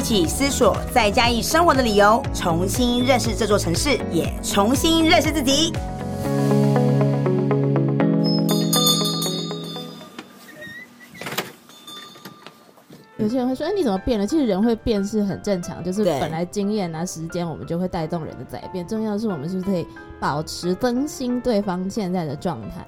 一起思索，在嘉義生活的理由，重新認識這座城市，也重新認識自己。有些人會說：“哎、欸，你怎麼變了？”其實人會變是很正常，就是本來經驗啊、時間，我們就會帶動人的改變。重要的是我們是不是可以保持更新對方現在的狀態？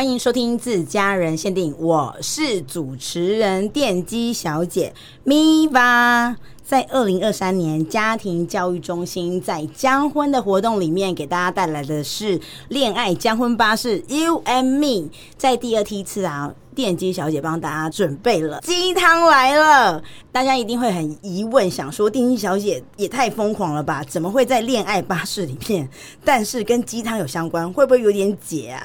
歡迎收聽自嘉人限定，我是主持人電機小姐 Miva 在二零二三年家庭教育中心在將婚的活動裡面，給大家帶來的是戀愛將婚巴士 You and Me，在第二梯次啊。電機小姐幫大家準備了雞湯來了，大家一定會很疑問，想說電機小姐也太瘋狂了吧？怎麼會在戀愛巴士裡面？但是跟雞湯有相關，會不會有點解啊？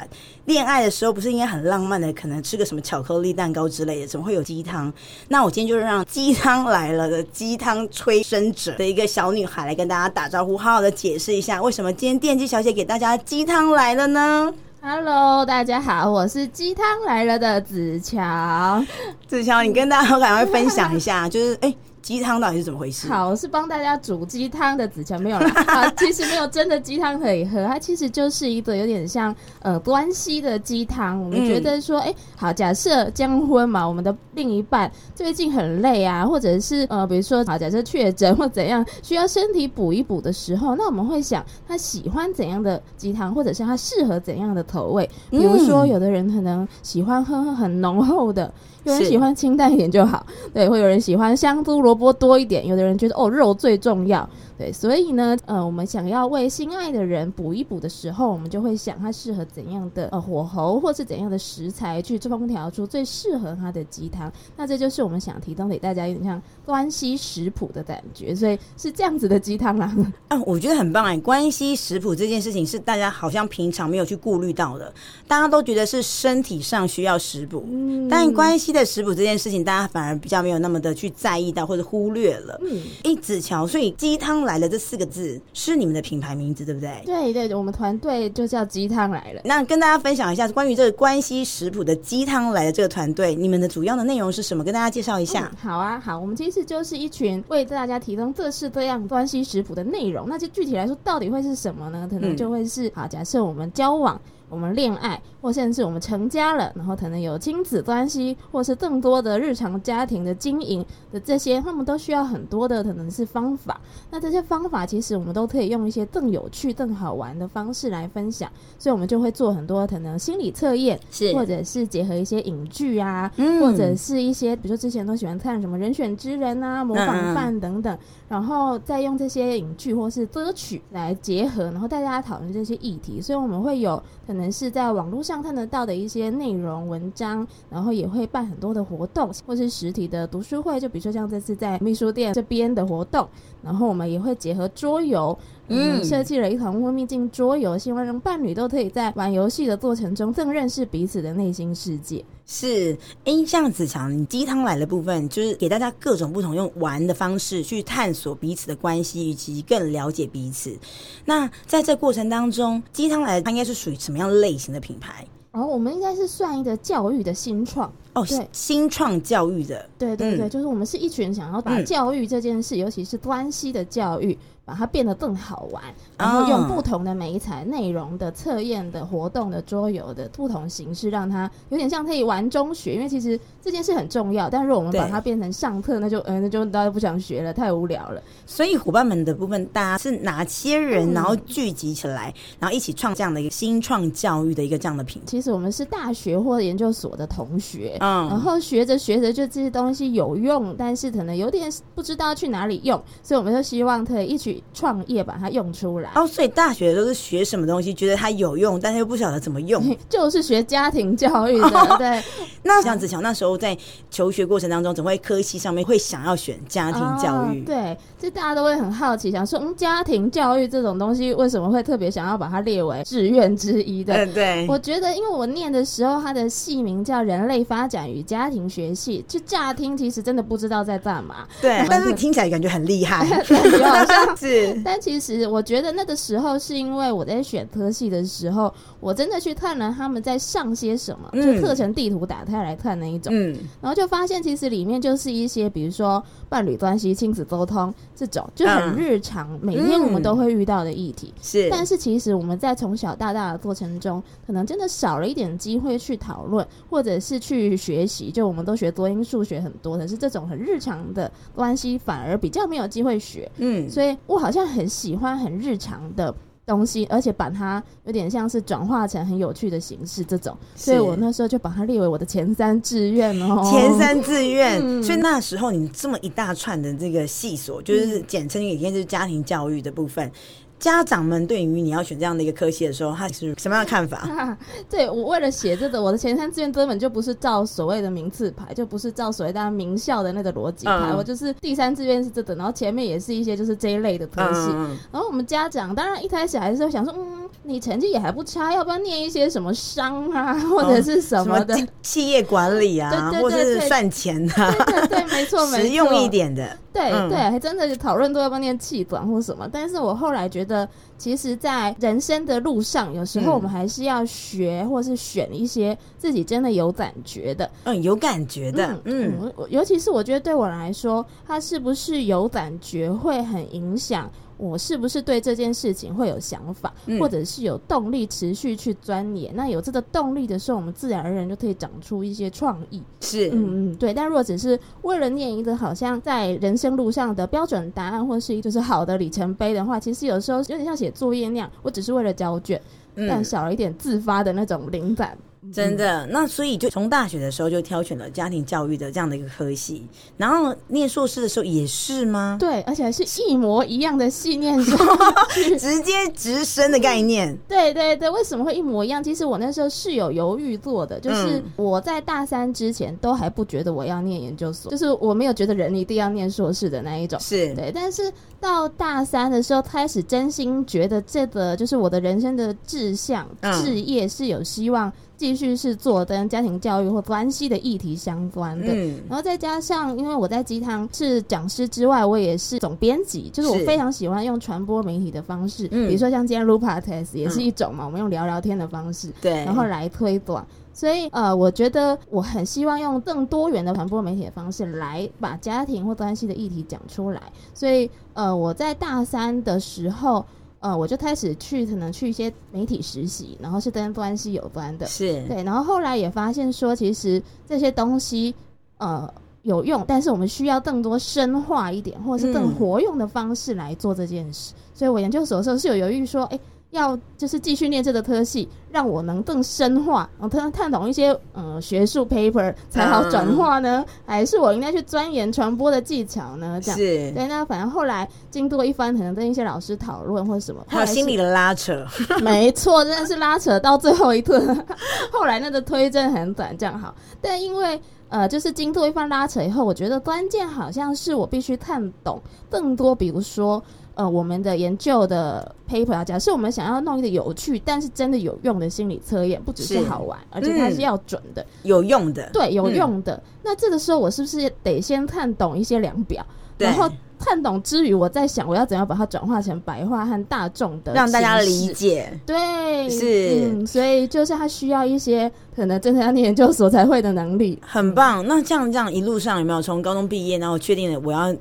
戀愛的時候不是應該很浪漫的，可能吃個什麼巧克力蛋糕之類的，怎麼會有雞湯？那我今天就讓雞湯來了的雞湯催生者的一個小女孩來跟大家打招呼，好好的解釋一下為什麼今天電機小姐給大家雞湯來了呢？Hello，大家好，我是雞湯來了的子喬。子喬，你跟大家趕快分享一下， 就是，哎。欸雞湯到底是怎麼回事？好，是幫大家煮雞湯的子喬沒有了、 啊。其實沒有真的雞湯可以喝，它其實就是一個有點像呃關係的雞湯。我們覺得說，哎、嗯欸，好，假設結婚嘛，我們的另一半最近很累啊，或者是呃，比如說好，假設確診或怎樣需要身體補一補的時候，那我們會想他喜歡怎樣的雞湯，或者是他適合怎樣的口味、嗯。比如說，有的人可能喜歡喝很濃厚的，有人喜歡清淡一點就好。對，會有人喜歡香豬螺。波波多一點，有的人覺得哦，肉最重要。所以呢，呃，我們想要為心愛的人補一補的時候，我們就會想他適合怎樣的呃火候，或是怎樣的食材去烹調出最適合他的雞湯。那這就是我們想提供給大家一種像關係食譜的感覺，所以是這樣子的雞湯啦。啊、嗯，我覺得很棒哎、欸，關係食譜這件事情是大家好像平常沒有去顧慮到的，大家都覺得是身體上需要食補、嗯，但關係的食譜這件事情，大家反而比較沒有那麼的去在意到或者忽略了。嗯、欸，子喬，所以雞湯來。來了這四個字是你們的品牌名字，對不對？對對，我們團隊就叫雞湯來了。那跟大家分享一下關於這個關係食譜的雞湯來了這個團隊，你們的主要的內容是什麼？跟大家介紹一下。嗯、好啊，好，我們其實就是一群為大家提供各式各樣關係食譜的內容。那就具體來說，到底會是什麼呢？可能就會是，嗯、好，假設我們交往。我們戀愛，或甚至我們成家了，然後可能有親子關係，或是更多的日常家庭的經營的這些，他們都需要很多的可能是方法。那這些方法其實我們都可以用一些更有趣、更好玩的方式來分享，所以我們就會做很多可能心理測驗，或者是結合一些影劇啊、嗯，或者是一些比如說之前都喜歡看什麼《人選之人》啊、《模仿犯》等等、啊，然後再用這些影劇或是歌曲來結合，然後帶大家討論這些議題。所以我們會有可能。是在網絡上看得到的一些內容文章，然後也會辦很多的活動，或是實體的讀書會，就比如說像這次在秘密客這邊的活動，然後我們也會結合桌遊。嗯，設計了一款《霧秘境》桌遊，希望讓伴侶都可以在玩遊戲的過程中更認識彼此的內心世界。是，因為這樣子講，你雞湯來的部分，就是給大家各種不同用玩的方式去探索彼此的關係，以及更了解彼此。那在這過程當中，雞湯來它應該是屬於什麼樣類型的品牌？哦，我們應該是算一個教育的新創哦，是新創教育的，對對對，對，對，嗯，就是我們是一群想要把教育這件事，嗯、尤其是關係的教育。把它變得更好玩，然後用不同的媒材、oh. 內容的測驗的活動的桌遊的不同形式，讓它有點像可以玩中學，因為其實這件事很重要。但是我們把它變成上課，那就嗯、呃、那就大家不想學了，太無聊了。所以夥伴們的部分，大家是哪些人？Oh. 然後聚集起來，然後一起創這樣的一個新創教育的一個這樣的品牌。其實我們是大學或研究所的同學，嗯、oh.，然後學着學着就這些東西有用，但是可能有點不知道去哪裡用，所以我們就希望可以一起。創業把它用出來哦，oh, 所以大學都是學什麼東西，覺得它有用，但是又不曉得怎麼用， 就是學家庭教育的，oh, 對。那像子喬、嗯，那時候在求學過程當中，總會科系上面會想要選家庭教育，oh, 對，就大家都會很好奇，想說嗯，家庭教育這種東西為什麼會特別想要把它列為志願之一？對，嗯，對。我覺得，因為我念的時候，它的系名叫人類發展與家庭學系，就乍聽其實真的不知道在幹嘛，對， 但是聽起來感覺很厲害， 好像。是，但其實我覺得那個時候是因為我在選科系的時候，我真的去看了他們在上些什麼，嗯、就課程地圖打開來看那一種、嗯，然後就發現其實裡面就是一些比如說伴侶關係、親子溝通這種，就很日常、啊，每天我們都會遇到的議題。是、嗯，但是其實我們在從小到大，大的過程中，可能真的少了一點機會去討論，或者是去學習。就我們都學多音數學很多，可是這種很日常的關係反而比較沒有機會學。嗯，所以。我好像很喜歡很日常的東西，而且把它有點像是轉化成很有趣的形式，這種，所以我那時候就把它列為我的前三志願哦，前三志願、嗯。所以那時候你這麼一大串的這個系所，就是簡稱裡就是家庭教育的部分。嗯嗯家長們對於你要選這樣的一個科系的時候，他是什麼樣的看法？啊、對，我為了寫這個，我的前三志願根本就不是照所謂的名次排，就不是照所謂大家名校的那個邏輯排。我就是第三志願是這個，然後前面也是一些就是這一類的東西，嗯。然後我們家長當然一開始還是想說，嗯，你成績也還不差，要不要念一些什麼商啊或者是什麼的？嗯、麼企業管理啊，嗯、對對對對對或者是賺錢、啊、對對對對 的？對，沒錯，沒錯。實用一點的。對對、嗯，還真的討論都要不要念企管或什麼，但是我後來覺得。的，其實，在人生的路上，有時候我們還是要學，或是選一些自己真的有感覺的。嗯，有感覺的，嗯，尤其是我覺得對我來說，它是不是有感覺會很影響。我是不是對這件事情會有想法，嗯、或者是有動力持續去鑽研？那有這個動力的時候，我們自然而然就可以長出一些創意。是，嗯嗯對。但如果只是為了念一個好像在人生路上的標準答案，或是就是好的里程碑的話，其實有時候有點像寫作業那樣，我只是為了交卷，但少了一點自發的那種靈感。真的，那所以就從大學的時候就挑選了家庭教育的這樣的一個科系，然後念碩士的時候也是嗎？對，而且是一模一樣的信念 直接直升的概念。對對對，對，為什麼會一模一樣？其實我那時候是有猶豫過的，就是我在大三之前都還不覺得我要念研究所，就是我沒有覺得人一定要念碩士的那一種。是對，但是到大三的時候開始真心覺得這個就是我的人生的志向、嗯、志業是有希望。繼續是做跟家庭教育或關係的議題相關的，嗯、然後再加上，因為我在雞湯是講師之外，我也是總編輯，就是我非常喜歡用傳播媒體的方式，嗯、比如說像今天錄 Podcast 也是一種嘛、嗯，我們用聊聊天的方式，對，然後來推廣。所以呃，我覺得我很希望用更多元的傳播媒體的方式來把家庭或關係的議題講出來。所以呃，我在大三的時候。呃，我就開始去可能去一些媒體實習，然後是跟關係有關的，是對。然後後來也發現說，其實這些東西呃有用，但是我們需要更多深化一點，或是更活用的方式來做這件事。嗯。所以我研究所的時候是有猶豫說，哎。要就是繼續練這個科系，讓我能更深化，我才能看懂一些嗯學術 paper 才好轉化呢、嗯。還是我應該去鑽研傳播的技巧呢？這樣是對。那反正後來經過一番，可能跟一些老師討論或者什麼，後來有心理的拉扯。 沒錯，真的是拉扯到最後一刻。 後來那個推真的很短，這樣好。但因為。呃，就是經過一番拉扯以後，我覺得關鍵好像是我必須看懂更多，比如說，呃，我們的研究的 paper 要假設我們想要弄一個有趣但是真的有用的心理測驗，不只是好玩，而且它是要準的、有用的。對，有用的。嗯、那這個時候，我是不是得先看懂一些量表，對然後？看懂之餘，我在想，我要怎樣把它轉化成白話和大眾的，讓大家理解？對，是，嗯，所以就是它需要一些可能真的要念研究所才會的能力。很棒！嗯，那這樣這樣一路上有沒有從高中畢業，然後確定了我要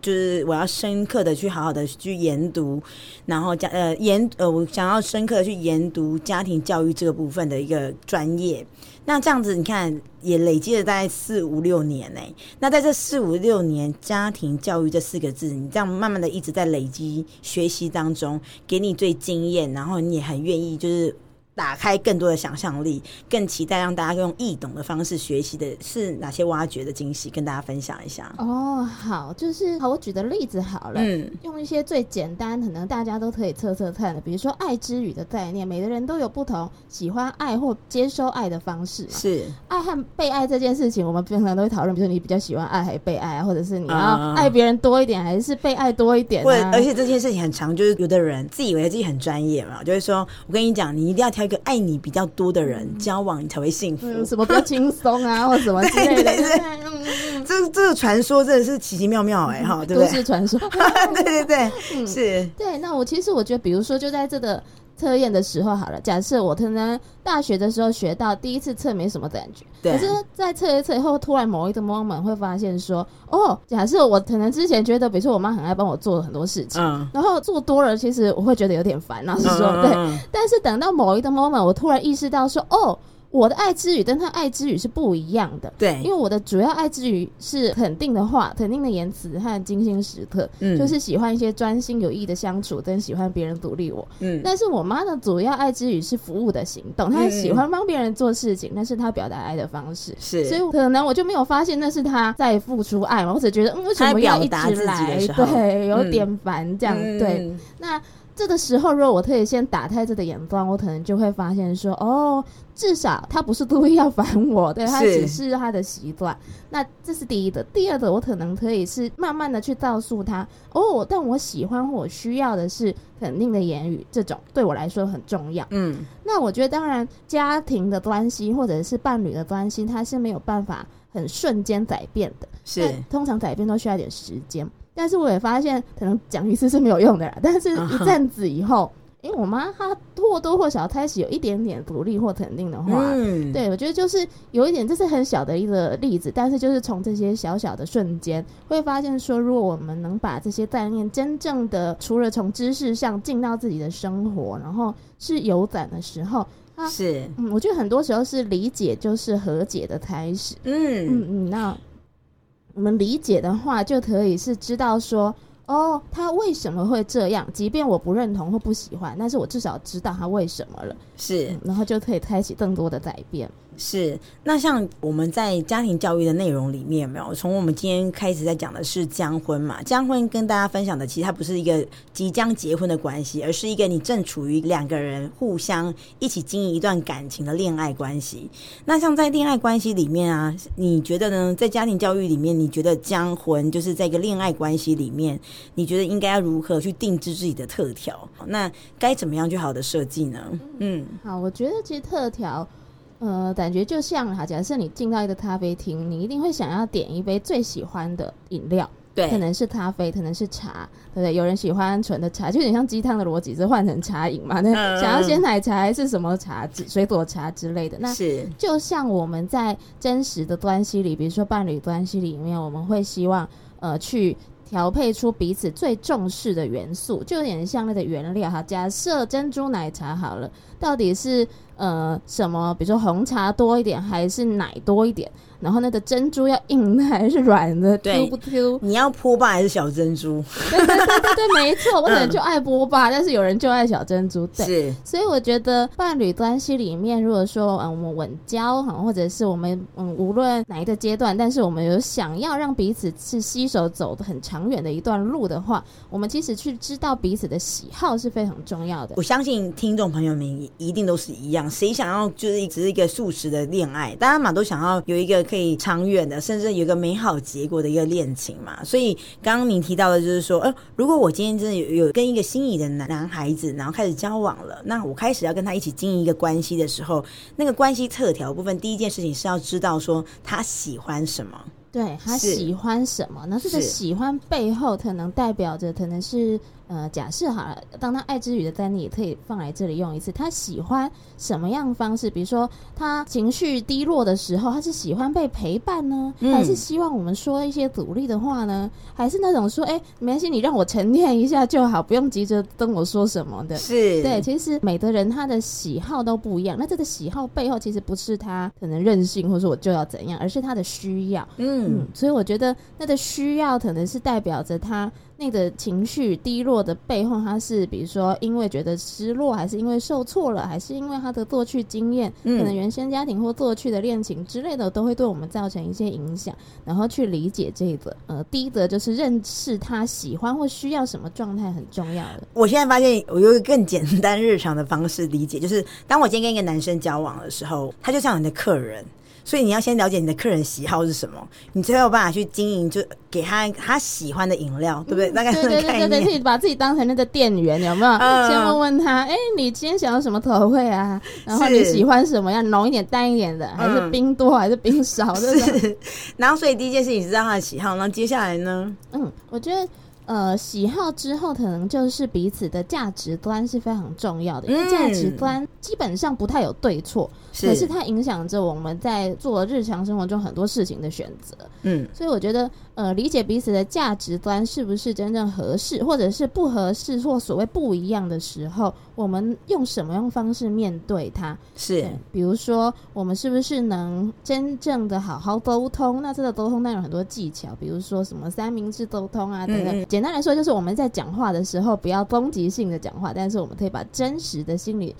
就是我要深刻的去好好的去研讀，然後家呃研呃我想要深刻的去研讀家庭教育這個部分的一個專業。那這樣子，你看也累積了大概四五六年嘞、欸。那在這四五六年，家庭教育這四個字，你這樣慢慢的一直在累積學習當中，給你最經驗，然後你也很願意，就是。打開更多的想象力，更期待讓大家用易懂的方式學習的是哪些挖掘的驚喜，跟大家分享一下。哦、oh,，好，就是好，我舉的例子好了，嗯，用一些最簡單，可能大家都可以測測看的，比如說，愛之語的概念，每個人都有不同，喜歡愛或接收愛的方式，是愛和被愛這件事情，我們平常都會討論，比如說你比較喜歡愛還被愛，啊，或者是你要愛別人多一點，uh, 還是被愛多一點，啊，對，而且這件事情很常，就是有的人自以為自己很專業嘛，就是說，我跟你講，你一定要挑。一個愛你比較多的人交往，你才會幸福，嗯、什麼比較輕鬆啊， 或什麼之類的？對對對，嗯、這這個傳說真的是奇奇妙妙哎、欸、哈，對，都市傳說，嗯、 對對對、嗯，是。對，那我其實我覺得，比如說，就在這個。測驗的時候好了，假設我可能大學的時候學到第一次測沒什麼感覺，可是再測一測以後，突然某一個 moment 會發現說，哦，假設我可能之前覺得，比如說我媽很愛幫我做很多事情，uh, 然後做多了，其實我會覺得有點煩，老實說對，uh, uh, uh, uh, uh. 但是等到某一個 moment，我突然意識到說，哦。我的愛之語跟她愛之語是不一樣的，對，因為我的主要愛之語是肯定的話、肯定的言辭和精心時刻，嗯，就是喜歡一些專心有意的相處，跟喜歡別人鼓勵我，嗯。但是我媽的主要愛之語是服務的行動，嗯、她喜歡幫別人做事情，那、嗯、是她表達愛的方式，是。所以可能我就沒有發現那是她在付出愛嘛，或者覺得嗯，為什麼要一直來？的對，有點煩這樣。嗯、對、嗯，那。這個時候，如果我特意先打開這個眼光，我可能就會發現說：“哦，至少他不是故意要煩我，對，他只是他的習慣。”那這是第一的。第二的，我可能可以是慢慢的去告訴他：“哦，但我喜歡，我需要的是肯定的言語，這種對我來說很重要。”嗯，那我覺得，當然，家庭的關係或者是伴侶的關係，它是沒有辦法很瞬間改變的。是，通常改變都需要一點時間。但是我也發現，可能講一次是沒有用的啦。但是一陣子以後，因為、uh-huh. 我媽她或多，多或少開始有一點點鼓勵或肯定的話，嗯，對，我覺得就是有一點，這是很小的一個例子。但是就是從這些小小的瞬間，會發現說，如果我們能把這些概念真正的除了從知識上進到自己的生活，然後是游展的時候她，是，嗯，我覺得很多時候是理解就是和解的開始。嗯嗯嗯，那。我們理解的話，就可以是知道說。哦、oh，他為什麼會這樣？即便我不認同或不喜歡，但是我至少知道他為什麼了。是，嗯、然後就可以開啟更多的改變。是，那像我們在家庭教育的內容裡面，有沒有從我們今天開始在講的是將婚嘛？將婚跟大家分享的，其實它不是一個即將結婚的關係，而是一個你正處於兩個人互相一起經營一段感情的戀愛關係。那像在戀愛關係裡面啊，你覺得呢？在家庭教育裡面，你覺得將婚就是在一個戀愛關係裡面？你覺得應該要如何去定制自己的特調？那該怎麼樣去好的設計呢？嗯，好，我覺得其實特調，呃，感覺就像哈，假設你進到一個咖啡廳，你一定會想要點一杯最喜歡的飲料，對，可能是咖啡，可能是茶，對不對？有人喜歡純的茶，就有點像雞湯的邏輯，是換成茶飲嘛？那、嗯、想要鮮奶茶還是什麼茶，水果茶之類的。那是就像我們在真實的關係裡，比如說伴侶關係裡面，我們會希望呃去。調配出彼此最重視的元素，就有點像那個原料哈。假設珍珠奶茶好了，到底是？呃，什麼？比如說，紅茶多一點，還是奶多一點？然後那個珍珠要硬的還是軟的？對，嘟嘟你要波霸還是小珍珠？ 對對對對對，對，沒錯，我、嗯、可能就愛波霸，但是有人就愛小珍珠對。是，所以我覺得伴侶關係裡面，如果說嗯，我們穩交哈、嗯，或者是我們嗯，無論哪一個階段，但是我們有想要讓彼此是攜手走的很長遠的一段路的話，我們其實去知道彼此的喜好是非常重要的。我相信聽眾朋友們一定都是一樣的。誰想要就是一直一個速食的戀愛？大家嘛都想要有一個可以長遠的，甚至有一個美好結果的一個戀情嘛。所以剛剛您提到的，就是說，呃，如果我今天真的有，有跟一個心儀的男男孩子，然後開始交往了，那我開始要跟他一起經營一個關係的時候，那個關係特調部分，第一件事情是要知道說他喜歡什麼，對，他喜歡什麼，那這個喜歡背後，可能代表着可能是。呃，假設好了，當他愛之語的丹尼也可以放來這裡用一次。他喜歡什麼樣方式？比如說，他情緒低落的時候，他是喜歡被陪伴呢，嗯、還是希望我們說一些鼓勵的話呢？還是那種說，哎、欸，沒關係，你讓我沉澱一下就好，不用急着跟我說什麼的。是對，其實每個人他的喜好都不一樣。那這個喜好背後，其實不是他可能任性，或者我就要怎樣，而是他的需要。嗯，嗯，所以我覺得那個需要，可能是代表着他。那個情緒低落的背後，他是比如說因為覺得失落，還是因為受挫了，還是因為他的過去經驗、嗯，可能原生家庭或過去的戀情之類的，都會對我們造成一些影響。然後去理解這個，呃，第一個就是認識他喜歡或需要什麼狀態，很重要的。我現在發現，我用一個更簡單日常的方式理解，就是當我今天跟一個男生交往的時候，他就像你的客人。所以你要先了解你的客人喜好是什麼，你才有辦法去經營，就給他他喜歡的飲料、嗯，對不對？大概看一眼，對對對對對 所以把自己當成那個店員，你有沒有？先、嗯、問問他，哎、欸，你今天想要什麼口味啊？然後你喜歡什麼樣，濃一點、淡一點的，還是冰多、嗯、還是冰少？不、嗯、對，然後，所以第一件事情知道他的喜好，那接下來呢？嗯，我覺得。呃，喜好之後，可能就是彼此的價值觀是非常重要的，嗯、因為價值觀基本上不太有對錯，是、可是它影響着我們在做日常生活中很多事情的選擇。嗯，所以我覺得。呃，理解彼此的價值觀是不是真正合適，或者是不合適，或所謂不一樣的時候，我們用什麼樣方式面對它？是，嗯、比如說我們是不是能真正的好好溝通？那這個溝通當然有很多技巧，比如說什麼三明治溝通啊嗯嗯，等等。簡單來說，就是我們在講話的時候不要攻擊性的講話，但是我們可以把真實的心裡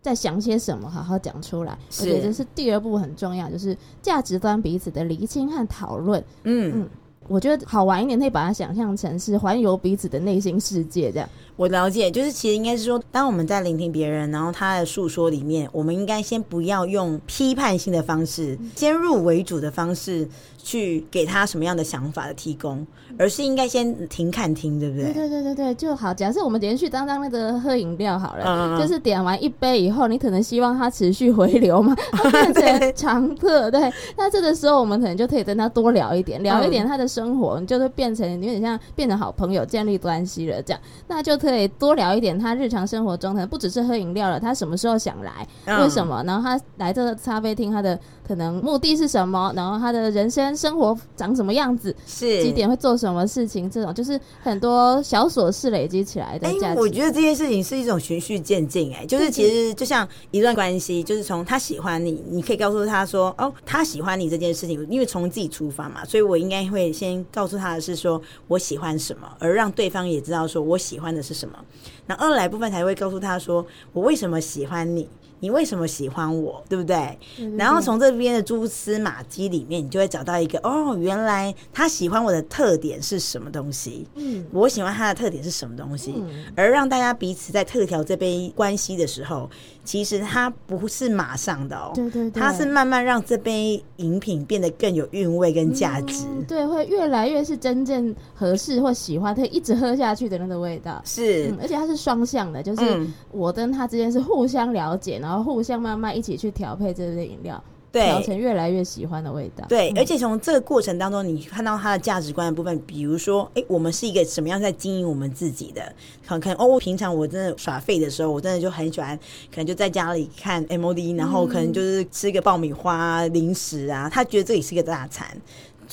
在想些什麼好好講出來。是，而且這是第二步很重要，就是價值觀彼此的釐清和討論。嗯嗯。我覺得好玩一點，可以把它想象成是環遊彼此的內心世界，這樣。我了解，就是其實應該是說，當我們在聆聽別人，然後他的訴說裡面，我們應該先不要用批判性的方式、先入為主的方式去給他什麼樣的想法的提供，而是應該先停看聽，對不對？對對對對對，就好。假設我們連續當當那個喝飲料好了，嗯、就是點完一杯以後，你可能希望他持續回流嘛，變成常客。啊對對。對，那這個時候我們可能就可以跟他多聊一點，聊一點他的生活，你、嗯、就會變成有點像變成好朋友，建立關係了這樣，那就。可以多聊一點，他日常生活中可能不只是喝飲料了。他什麼時候想來？Uh. 為什麼？然後他來這個咖啡廳，他的。可能目的是什麼？然後他的人生生活長什麼樣子？是幾點會做什麼事情？這種就是很多小瑣事累積起來的。欸，我覺得這件事情是一種循序漸進。哎，就是其實就像一段關係，就是從他喜歡你，你可以告訴他說：“哦，他喜歡你這件事情。”因為從自己出發嘛，所以我應該會先告訴他的是說我喜歡什麼，而讓對方也知道說我喜歡的是什麼。那二來部分才會告訴他說我為什麼喜歡你。你為什麼喜歡我，對不對？對對對。然後從這邊的蛛絲馬迹裡面，你就會找到一個哦，原來他喜歡我的特點是什麼東西？嗯，我喜歡他的特點是什麼東西？嗯、而讓大家彼此在特調這杯關係的時候，其實它不是馬上的哦，對對對，它是慢慢讓這杯飲品變得更有韻味跟價值。嗯、對，會越來越是真正合適或喜歡，他一直喝下去的那個味道。是，嗯、而且它是雙向的，就是我跟他之間是互相了解，嗯、然後。然後互相慢慢一起去調配這類飲料，調成越來越喜歡的味道。對，嗯、而且從這個過程當中，你看到他的價值觀的部分，比如說，哎、欸，我們是一個什麼樣在經營我們自己的？可能哦，平常我真的耍廢的時候，我真的就很喜歡，可能就在家裡看 M O D，然後可能就是吃個爆米花、嗯、零食啊，他覺得這裡是一個大餐。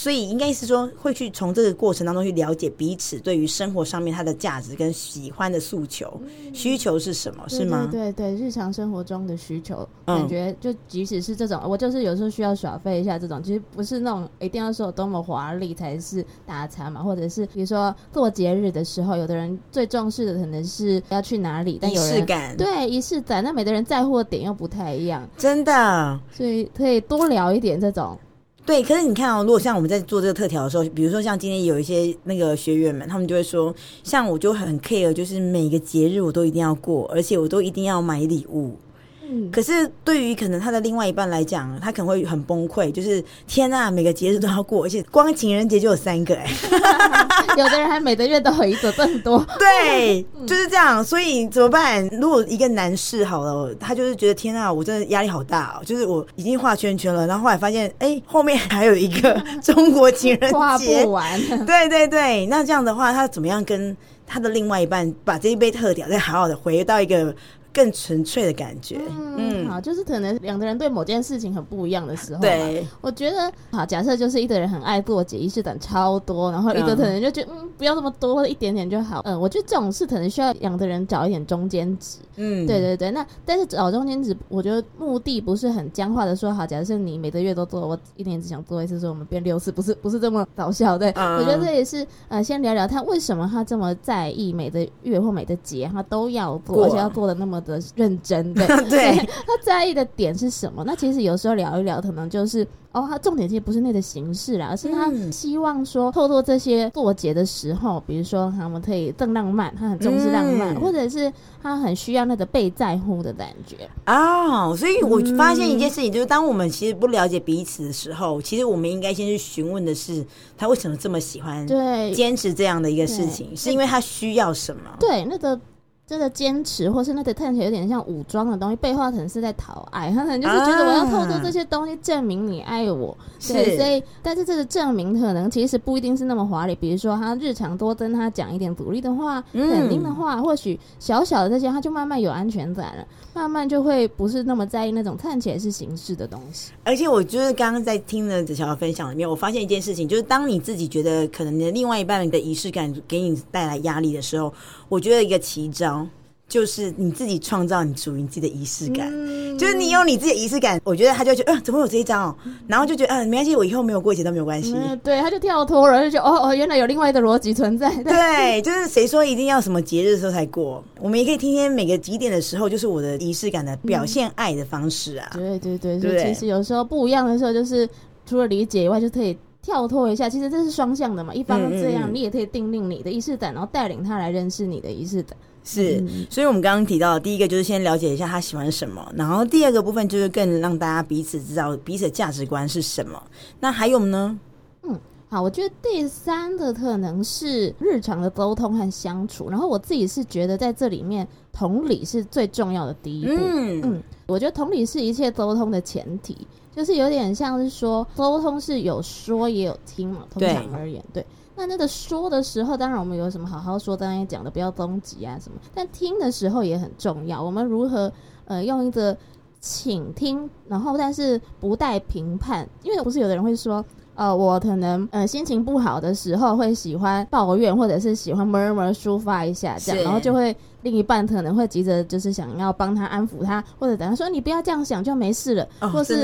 所以應該是說，會去從這個過程當中去了解彼此對於生活上面他的價值跟喜歡的訴求、嗯，需求是什麼，對對對，是嗎？對對，日常生活中的需求、嗯，感覺就即使是這種，我就是有時候需要耍廢一下，這種其實不是那種一定要說多麼華麗才是大餐嘛，或者是比如說過節日的時候，有的人最重視的可能是要去哪裡，但儀式感，對儀式感，那每個人在乎的點又不太一樣，真的，所以可以多聊一點這種。對，可是你看哦，如果像我們在做這個特調的時候，比如說像今天有一些那個學員們，他們就會說，像我就很 care，就是每個節日我都一定要過，而且我都一定要買禮物。嗯、可是，對於可能他的另外一半來講，他可能會很崩潰。就是天吶、啊，每個節日都要過，而且光情人節就有三個哎、欸。 有的人還每個月都一個很多。對， 就是這樣。所以怎麼辦？如果一個男士好了，他就是覺得天吶、啊，我真的壓力好大哦。就是我已經畫圈圈了，然後後來發現，哎、欸，後面還有一個中國情人節 畫不完。對對對，那這樣的話，他怎麼樣跟他的另外一半把這一杯特調，再好好的回到一個。更純粹的感覺，嗯，好，就是可能兩個人對某件事情很不一樣的時候，對，我覺得，好，假設就是一個人很愛過節，儀式感超多，然後一個可能就覺得嗯，嗯，不要這麼多，一點點就好，嗯、呃，我覺得這種事可能需要兩個人找一點中間值，嗯，對對對，那但是找中間值，我覺得目的不是很僵化的說，好，假設是你每個月都做，我一年只想做一次，說我們變六次，不是不是這麼搞笑，對、嗯，我覺得這也是，呃，先聊聊他為什麼他這麼在意每個月或每個節他都要做過，而且要過得那麼。的認真的， 對 他在意的點是什麼？那其實有時候聊一聊，可能就是哦，他重點其實不是那個形式啦，而是他希望說透過這些過節的時候，比如說他們可以更浪漫，他很重視浪漫，嗯，或者是他很需要那個被在乎的感覺哦，oh, 所以我發現一件事情，就是當我們其實不了解彼此的時候，嗯，其實我們應該先去詢問的是他為什麼這麼喜歡對，堅持這樣的一個事情，是因為他需要什麼？對那個。這個堅持，或是那個看起來有點像武裝的東西，背後可能是在討愛，他可能就是覺得我要透過這些東西證明你愛我。啊、對，所以但是這個證明可能其實不一定是那麼華麗。比如說他日常多跟他講一點鼓勵的話，肯定的話，嗯、或許小小的這些，他就慢慢有安全感了，慢慢就會不是那麼在意那種看起來是形式的東西。而且我就是剛剛在聽了子喬的分享裡面，我發現一件事情，就是當你自己覺得可能你的另外一半的儀式感給你帶來壓力的時候，我覺得一個奇招。就是你自己創造你屬於你自己的儀式感、嗯，就是你有你自己的儀式感，我覺得他就覺得、呃、怎麼有這一張哦？然後就覺得、呃、沒關係，我以後沒有過節都沒有關係、嗯。對，他就跳脫了，就哦哦，原來有另外一個邏輯存在。對，對就是誰說一定要什麼節日的時候才過？我們也可以天天每個幾點的時候，就是我的儀式感的表現愛的方式啊。嗯、對對對，就其實有時候不一樣的時候，就是除了理解以外，就可以跳脫一下。其實這是雙向的嘛，一方這樣，你也可以定定你的儀式感、嗯嗯，然後帶領他來認識你的儀式感。是、嗯，所以我們剛剛提到的第一個就是先了解一下他喜歡什麼，然後第二個部分就是更讓大家彼此知道彼此的價值觀是什麼。那還有呢？嗯，好，我覺得第三個可能是日常的溝通和相處。然後我自己是覺得在這裡面同理是最重要的第一步。嗯，嗯我覺得同理是一切溝通的前提，就是有點像是說溝通是有說也有聽嘛，通常而言，對。對那那個說的時候，當然我們有什麼好好說，當然也講的不要攻擊啊什麼。但聽的時候也很重要，我們如何呃用一個傾聽，然後但是不帶評判，因為不是有的人會說。呃，我可能呃心情不好的時候會喜歡抱怨，或者是喜歡默默抒發一下這樣，然後就會另一半可能會急着就是想要幫他安撫他，或者等他說，你不要這樣想就沒事了，哦、或是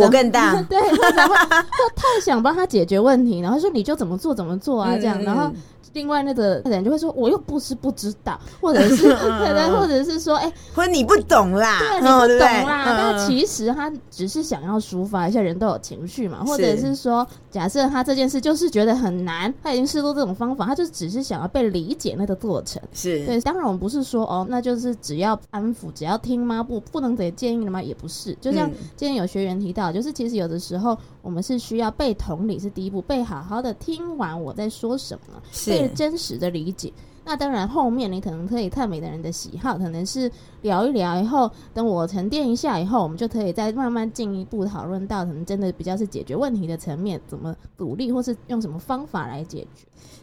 我更大，對，然後 對，或者太想幫他解決問題， 然後說你就怎麼做怎麼做啊這樣、嗯，然後。另外那個人就會說：“我又不是不知道，或者是可能，或者是說，哎、 欸，或你不懂啦，對、哦、你不懂啦、哦。但其實他只是想要抒發一下，哦、人都有情緒嘛，或者是說。”假設他這件事就是覺得很難，他已經試過這種方法，他就只是想要被理解那個過程。是對，當然我們不是說哦，那就是只要安撫，只要聽嗎？不，不能給建議了嗎？也不是。就像今天有學員提到，嗯，就是其實有的時候我們是需要被同理是第一步，被好好的聽完我在說什麼，被真實的理解。那當然，後面你可能可以看每個人的喜好，可能是聊一聊。以後等我沉澱一下以後，我們就可以再慢慢進一步討論到可能真的比較是解決問題的層面，怎麼努力或是用什麼方法來解決。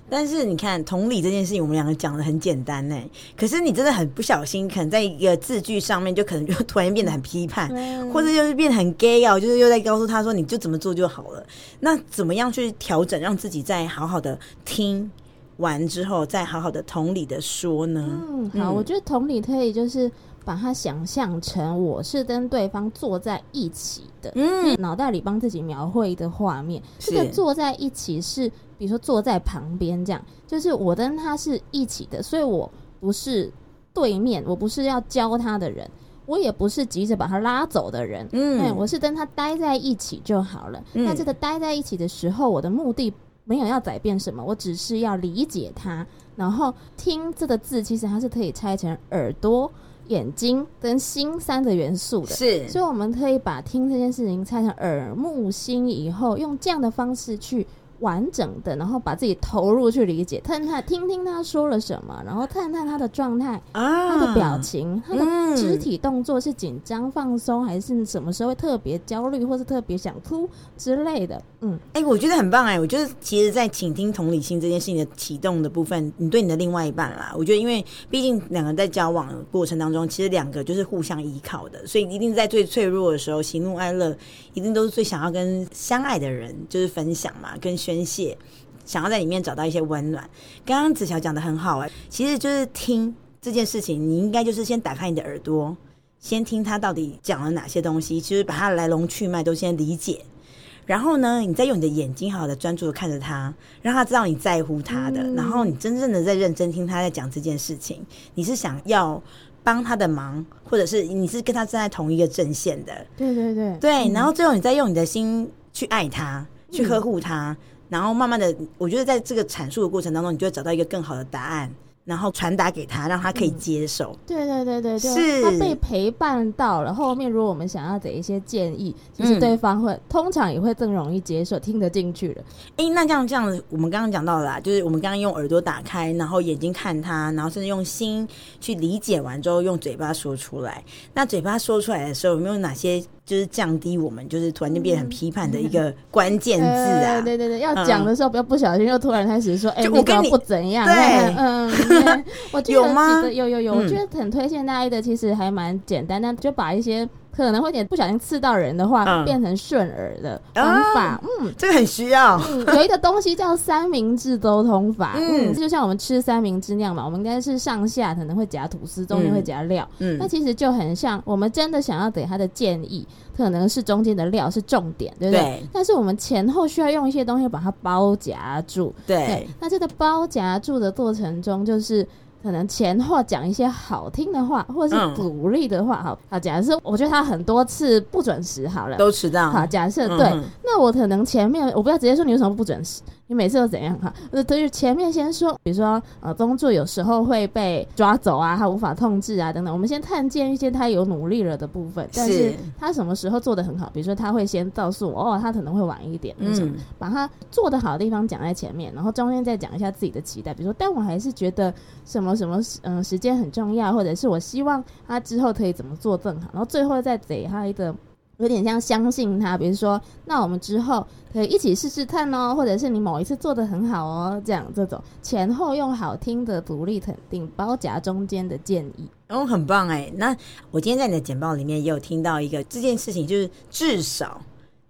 但是你看，同理這件事情，我們兩個講得很簡單呢、欸。可是你真的很不小心，可能在一個字句上面就可能就突然變得很批判，嗯、或者就是變得很 gay 哦、啊，就是又在告訴他說你就怎麼做就好了。那怎麼樣去調整，讓自己再好好的聽？完之後，再好好的同理的說呢。嗯，好，我覺得同理可以就是把它想象成我是跟對方坐在一起的，嗯，腦袋裡幫自己描繪一個畫面。這個坐在一起是，比如說坐在旁邊這樣，就是我跟他是一起的，所以我不是對面，我不是要教他的人，我也不是急着把他拉走的人，嗯，我是跟他待在一起就好了、嗯。那這個待在一起的時候，我的目的。沒有要改變什麼，我只是要理解它。然後“聽”這個字，其實它是可以拆成耳朵、眼睛跟心三個元素的。是，所以我們可以把“聽”這件事情拆成耳、目、心以後，用這樣的方式去。完整的，然後把自己投入去理解，看看聽聽他說了什麼，然後看看他的狀態，啊、他的表情、嗯，他的肢體動作是緊張、放鬆，還是什麼時候會特別焦慮，或是特別想哭之類的。嗯，哎、欸，我覺得很棒。哎、欸，我覺得其實，在傾聽同理心這件事情的啟動的部分，你對你的另外一半啦，我覺得，因為畢竟兩個人在交往的過程當中，其實兩個就是互相依靠的，所以一定在最脆弱的時候，喜怒哀樂一定都是最想要跟相愛的人就是分享嘛，跟。宣洩，想要在裡面找到一些溫暖。剛剛子喬講的很好哎、欸，其實就是聽這件事情，你應該就是先打開你的耳朵，先聽他到底講了哪些東西，其實把他來龍去脈都先理解。然後呢，你再用你的眼睛好好的專注的看着他，讓他知道你在乎他的、嗯。然後你真正的在認真聽他在講這件事情，你是想要幫他的忙，或者是你是跟他站在同一個陣線的。對對對，對。然後最後你再用你的心去愛他，嗯、去呵護他。然後慢慢的，我覺得在這個闡述的過程當中，你就會找到一個更好的答案，然後傳達給他，讓他可以接受。嗯、對對對對對，是他被陪伴到了，後面如果我們想要給一些建議，就是對方會、嗯、通常也會更容易接受，聽得進去了。哎，那這樣這樣，我們剛剛講到了啦，就是我們剛剛用耳朵打開，然後眼睛看他，然後甚至用心去理解完之後，用嘴巴說出來。那嘴巴說出來的時候，有沒有哪些？就是降低我們，就是突然間變得很批判的一個關鍵字啊、嗯嗯嗯、啊！對對對，要講的時候不要不小心又、嗯、突然開始說，哎、欸，我跟、那個、不怎樣？對，嗯，嗯 yeah, 我覺得有嗎得？有有有，我覺得很推薦大家的，其實還蠻簡單的，那、嗯、就把一些。可能會點不小心刺到人的話，嗯、變成順耳的方法，啊。嗯，這個很需要。嗯、 有一個東西叫三明治溝通法嗯嗯。嗯，就像我們吃三明治那樣嘛，我們應該是上下可能會夾吐司，中間會夾料。嗯，那其實就很像我們真的想要給他的建議，可能是中間的料是重點，對不對，對？但是我們前後需要用一些東西把它包夾住對。對，那這個包夾住的過程中，就是。可能前後講一些好聽的話，或者是鼓勵的話、嗯，好，假設我覺得他很多次不準時，好了，都遲到，好，假設、嗯、對，那我可能前面我不要直接說你為什麼不準時。你每次都怎樣哈，那等於前面先說，比如說，呃，工作有時候會被抓走啊，他無法控制啊，等等。我們先探見一些他有努力了的部分，但是他什麼時候做的很好，比如說，他會先告訴我，哦，他可能會晚一點，嗯，把他做的好的地方講在前面，然後中間再講一下自己的期待，比如說，但我還是覺得什麼什麼，嗯，時間很重要，或者是我希望他之後可以怎麼做更好，然後最後再給他一個。有點像相信他，比如說，那我們之後可以一起試試看哦，或者是你某一次做得很好哦，喔，這樣這種前後用好聽的鼓勵肯定包夾中間的建議，哦，很棒哎，欸。那我今天在你的簡報裡面也有聽到一個這件事情，就是至少，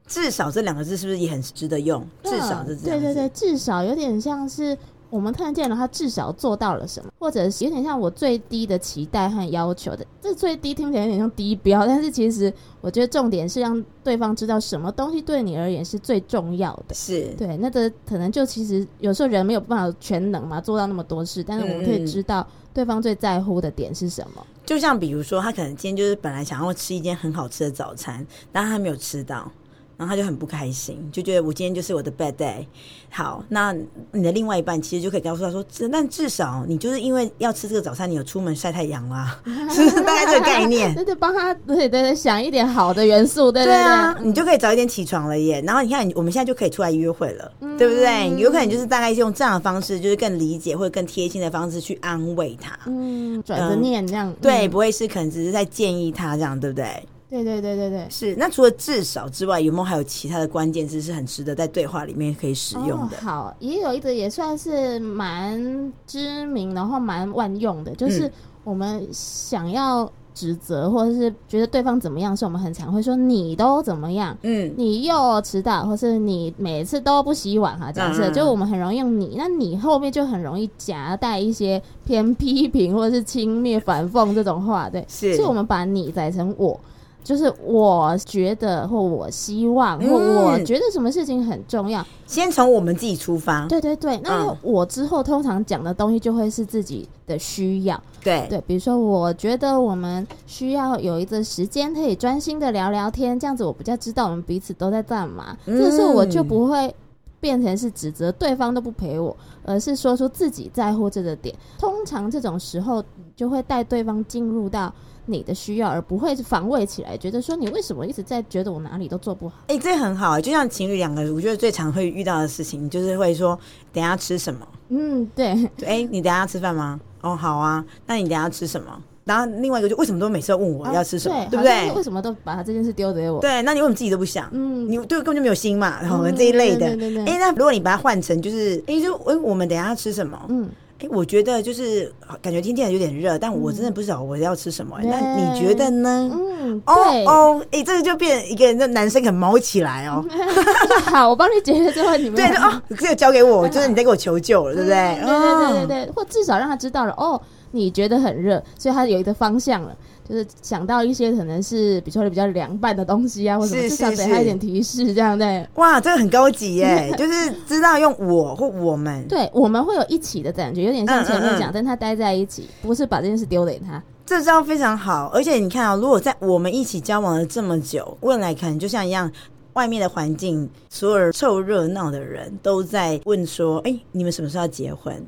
至少這兩個字是不是也很值得用？至少是這樣對對對，至少有點像是。我們看見了他至少做到了什麼，或者是有點像我最低的期待和要求的。這最低聽起來有點像低標，但是其實我覺得重點是讓對方知道什麼東西對你而言是最重要的，是對。那個可能就其實有時候人沒有辦法全能嘛，做到那麼多事，但是我們可以知道對方最在乎的點是什麼。嗯，就像比如說，他可能今天就是本來想要吃一件很好吃的早餐，但他還沒有吃到。然後他就很不開心，就覺得我今天就是我的 bad day。好，那你的另外一半其實就可以告訴他說，但至少你就是因為要吃這個早餐，你有出門曬太陽啦。是不是 大概這個概念。那就幫他，對對對，想一點好的元素，對對對，對啊、你就可以早一點起床了耶。然後你看，我們現在就可以出來約會了、嗯，對不對？有可能就是大概用這樣的方式，就是更理解或者更貼心的方式去安慰他。嗯，轉個念這樣、嗯，對，不會是可能只是在建議他這樣，對不對？對對對對對，是。那除了至少之外，有沒有還有其他的關鍵字是很值得在對話裡面可以使用的？哦、好，也有一個也算是蠻知名，然後蠻萬用的，就是我們想要指責、嗯、或者是覺得對方怎麼樣，是我們很常會說你都怎麼樣，嗯，你又遲到，或是你每次都不洗碗哈、啊，這樣子的、啊，就我們很容易用你，那你後面就很容易夾帶一些偏批評或者是輕蔑反諷這種話，對，是，所以我們把你改成我。就是我覺得或我希望、嗯，或我覺得什麼事情很重要，先從我們自己出發。對對對，嗯、那我之後通常講的東西就會是自己的需要。對對，比如說我覺得我們需要有一個時間可以專心的聊聊天，這樣子我比較知道我們彼此都在幹嘛、嗯。這個時候我就不會變成是指責對方都不陪我，而是說出自己在乎這個點。通常這種時候就會帶對方進入到。你的需要，而不會防衛起來，覺得說你為什麼一直在覺得我哪裡都做不好？哎、欸，這很好、欸，就像情侶兩個，我覺得最常會遇到的事情，就是會說等一下吃什麼？嗯，對。哎、欸，你等一下要吃飯嗎？哦，好啊。那你等一下吃什麼？然後另外一個就為什麼都每次都問我要吃什麼，啊、對,對不對？為什麼都把他這件事丟給我？對，那你為什麼自己都不想？嗯，你對我根本就沒有心嘛，嗯、然後這一類的。哎、嗯嗯欸，那如果你把它換成就是，哎、欸，就哎、欸欸，我們等一下吃什麼？嗯。欸、我覺得就是感覺今天，天有點熱，但我真的不知道我要吃什麼、欸嗯。那你覺得呢？嗯，哦、oh, 哦，哎、oh, oh, 欸，這個就變成一個人的男生很毛起來哦。嗯、 好，我幫你解決之後，你們對哦，這個交給我， 就是你在給我求救了，對不對？對對對對，對，oh. 或至少讓他知道了哦，oh, 你覺得很熱，所以他有一個方向了。就是想到一些可能是比如說比較涼拌的東西啊，或者什麼，想給他一點提示這樣對。哇，這個很高級耶、欸！ 就是知道用我或我們，對我們會有一起的感覺，有點像前面講，跟、嗯嗯嗯、他待在一起，不是把這件事丟給他。這招非常好，而且你看啊，如果在我們一起交往了這麼久，問來看，就像一樣，外面的環境所有人湊熱鬧的人都在問說：“哎、欸，你們什麼時候要結婚？”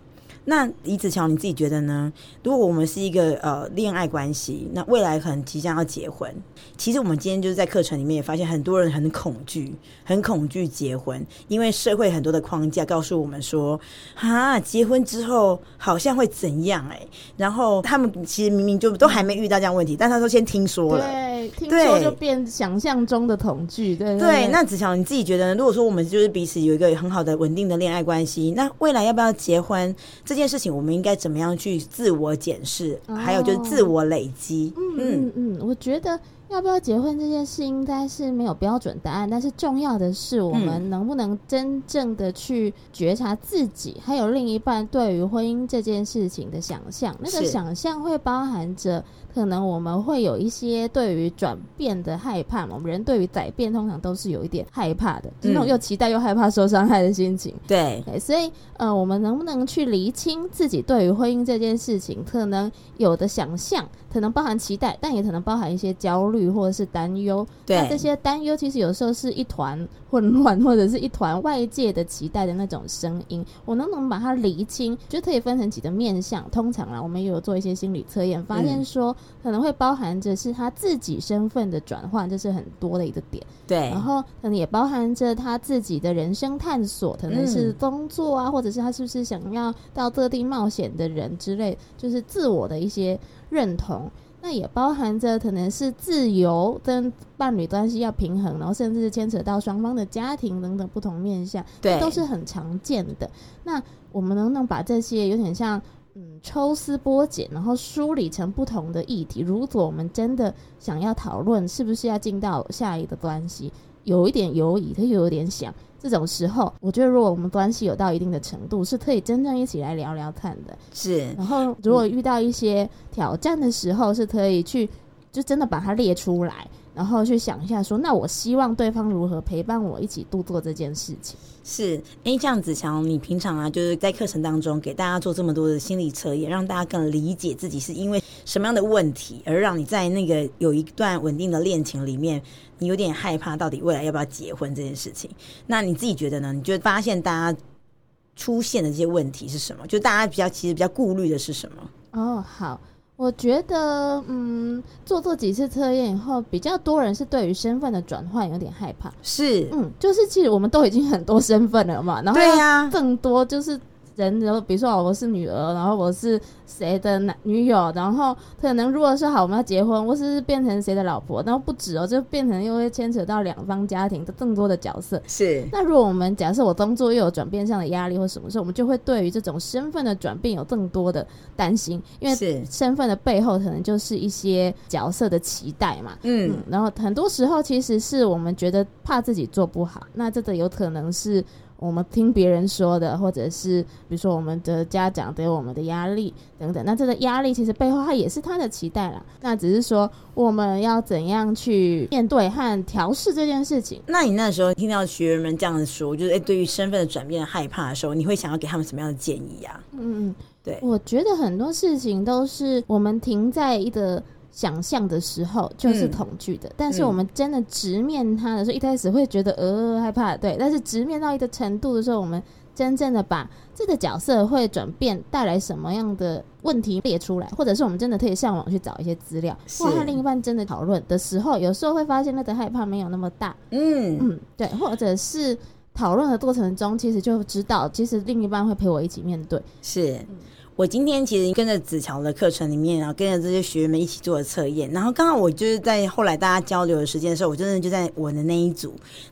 那李子喬，你自己覺得呢？如果我們是一個呃戀愛關係，那未來可能即將要結婚。其實我們今天就是在課程裡面也發現很多人很恐懼，很恐懼結婚，因為社會很多的框架告訴我們說，啊，結婚之後好像會怎樣、欸？哎，然後他們其實明明就都還沒遇到這樣問題，嗯、但他都先聽說了對，對，聽說就變想象中的恐懼。對對，對。那子喬你自己覺得呢？如果說我們就是彼此有一個很好的穩定的戀愛關係，那未來要不要結婚？這這件事情我們應該怎麼樣去自我檢視，哦，還有就是自我累積。嗯嗯嗯，我覺得要不要結婚這件事應該是沒有標準答案，但是重要的是我們能不能真正的去覺察自己，嗯，還有另一半對於婚姻這件事情的想象。那個想象會包含着。可能我們會有一些對於轉變的害怕嘛？我們人對於改變通常都是有一點害怕的，嗯就是、那種又期待又害怕受傷害的心情。對，okay, 所以呃，我們能不能去釐清自己對於婚姻這件事情可能有的想象，可能包含期待，但也可能包含一些焦慮或者是擔憂。對，那這些擔憂其實有時候是一團混亂，或者是一團外界的期待的那種聲音。我能不能把它釐清？就可以分成幾個面向。通常啊，我們也有做一些心理測驗，發現說。嗯可能會包含着是他自己身份的轉換，這、就是很多的一個點。對，然後可能也包含着他自己的人生探索，可能是工作啊，嗯、或者是他是不是想要到各地冒險的人之類，就是自我的一些認同。那也包含着可能是自由跟伴侶關係要平衡，然後甚至牽扯到雙方的家庭等等不同面向，對，都是很常見的。那我們能不能把這些有點像？嗯，抽絲剝繭，然後梳理成不同的議題。如果我們真的想要討論，是不是要進到下一個關係，有一點猶疑，他又有點想，這種時候，我覺得如果我們關係有到一定的程度，是可以真正一起來聊聊看的。是。然後，如果遇到一些挑戰的時候，嗯、是可以去，就真的把它列出來。然後去想一下說，說，那我希望對方如何陪伴我一起度過這件事情。是，哎，這樣子。喬，你平常啊，就是在課程當中給大家做這麼多的心理測驗，讓大家更理解自己是因為什麼樣的問題，而讓你在那個有一段穩定的戀情裡面，你有點害怕到底未來要不要結婚這件事情。那你自己覺得呢？你就發現大家出現的這些問題是什麼？就大家比較其實比較顧慮的是什麼？哦，好。我覺得，嗯，做做幾次測驗以後，比較多人是對於身份的轉換有點害怕。是，嗯，就是其實我們都已經很多身份了嘛，然後對呀，更多就是。人，然後比如說啊，我是女兒，然後我是誰的男女友，然後可能如果是好，我們要結婚，或是變成誰的老婆，然後不止哦，就變成又會牽扯到兩方家庭的更多的角色。是。那如果我們假設我工作又有轉變上的壓力或什麼時候，我們就會對於這種身份的轉變有更多的擔心，因為身份的背後可能就是一些角色的期待嘛。嗯。嗯，然後很多時候，其實是我們覺得怕自己做不好，那這個有可能是。我們聽別人說的，或者是比如說我們的家長給我們的壓力等等，那這個壓力其實背後它也是他的期待啦。那只是說我們要怎樣去面對和調試這件事情。那你那時候聽到學員們這樣說，就是誒，對於身份的轉變害怕的時候，你會想要給他們什麼樣的建議呀、啊？嗯，對，我覺得很多事情都是我們停在一個。想象的時候就是恐懼的、嗯，但是我們真的直面他的時候，一開始會覺得、嗯、呃害怕，對。但是直面到一個程度的時候，我們真正的把這個角色會轉變帶來什麼樣的問題列出來，或者是我們真的可以上網去找一些資料是，或和另一半真的討論的時候，有時候會發現那個害怕沒有那麼大，嗯嗯，對。或者是討論的過程中，其實就知道，其實另一半會陪我一起面對，是。嗯我今天其實跟着子喬的課程裡面，然後跟着這些學員們一起做的測驗。然後剛好我就是在後來大家交流的時間的時候，我真的就在我的那一組，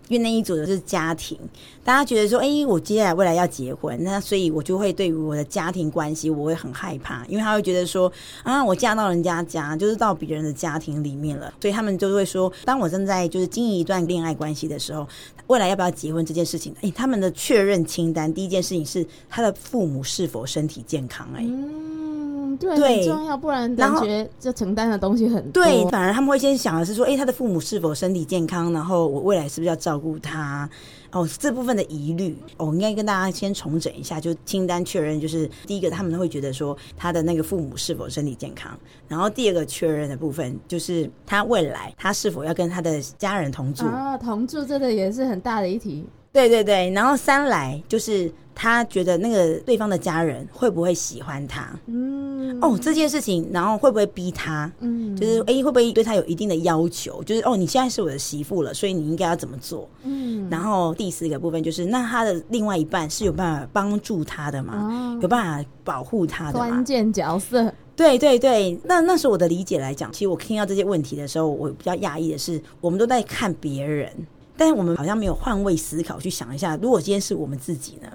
因為那一組的是家庭，大家覺得說，哎，我接下來未來要結婚，那所以我就會對於我的家庭關係我會很害怕，因為他會覺得說，啊，我嫁到人家家，就是到別人的家庭裡面了，所以他們就會說，當我正在就是經營一段戀愛關係的時候，未來要不要結婚這件事情，哎，他們的確認清單第一件事情是他的父母是否身體健康啊。嗯，對，對。重要，不然然後，就承擔的東西很多。對，反而他們會先想的是說，誒，他的父母是否身體健康？然後我未來是不是要照顧他？哦，這部分的疑慮，我應該跟大家先重整一下，就清單確認。就是第一個，他們會覺得說，他的那個父母是否身體健康？然後第二個確認的部分，就是他未來他是否要跟他的家人同住。啊，同住這個也是很大的一題。對對對，然後三來就是他覺得那個對方的家人會不會喜歡他？嗯，哦，這件事情，然後會不會逼他？嗯，就是哎，會不會對他有一定的要求？就是哦，你現在是我的媳婦了，所以你應該要怎麼做？嗯，然後第四個部分就是，那他的另外一半是有辦法幫助他的嗎？哦、有辦法保護他的嗎？關鍵角色。對對對，那那是我的理解來講，其實我聽到這些問題的時候，我比較訝異的是，我們都在看別人。但是我們好像沒有換位思考去想一下，如果今天是我們自己呢？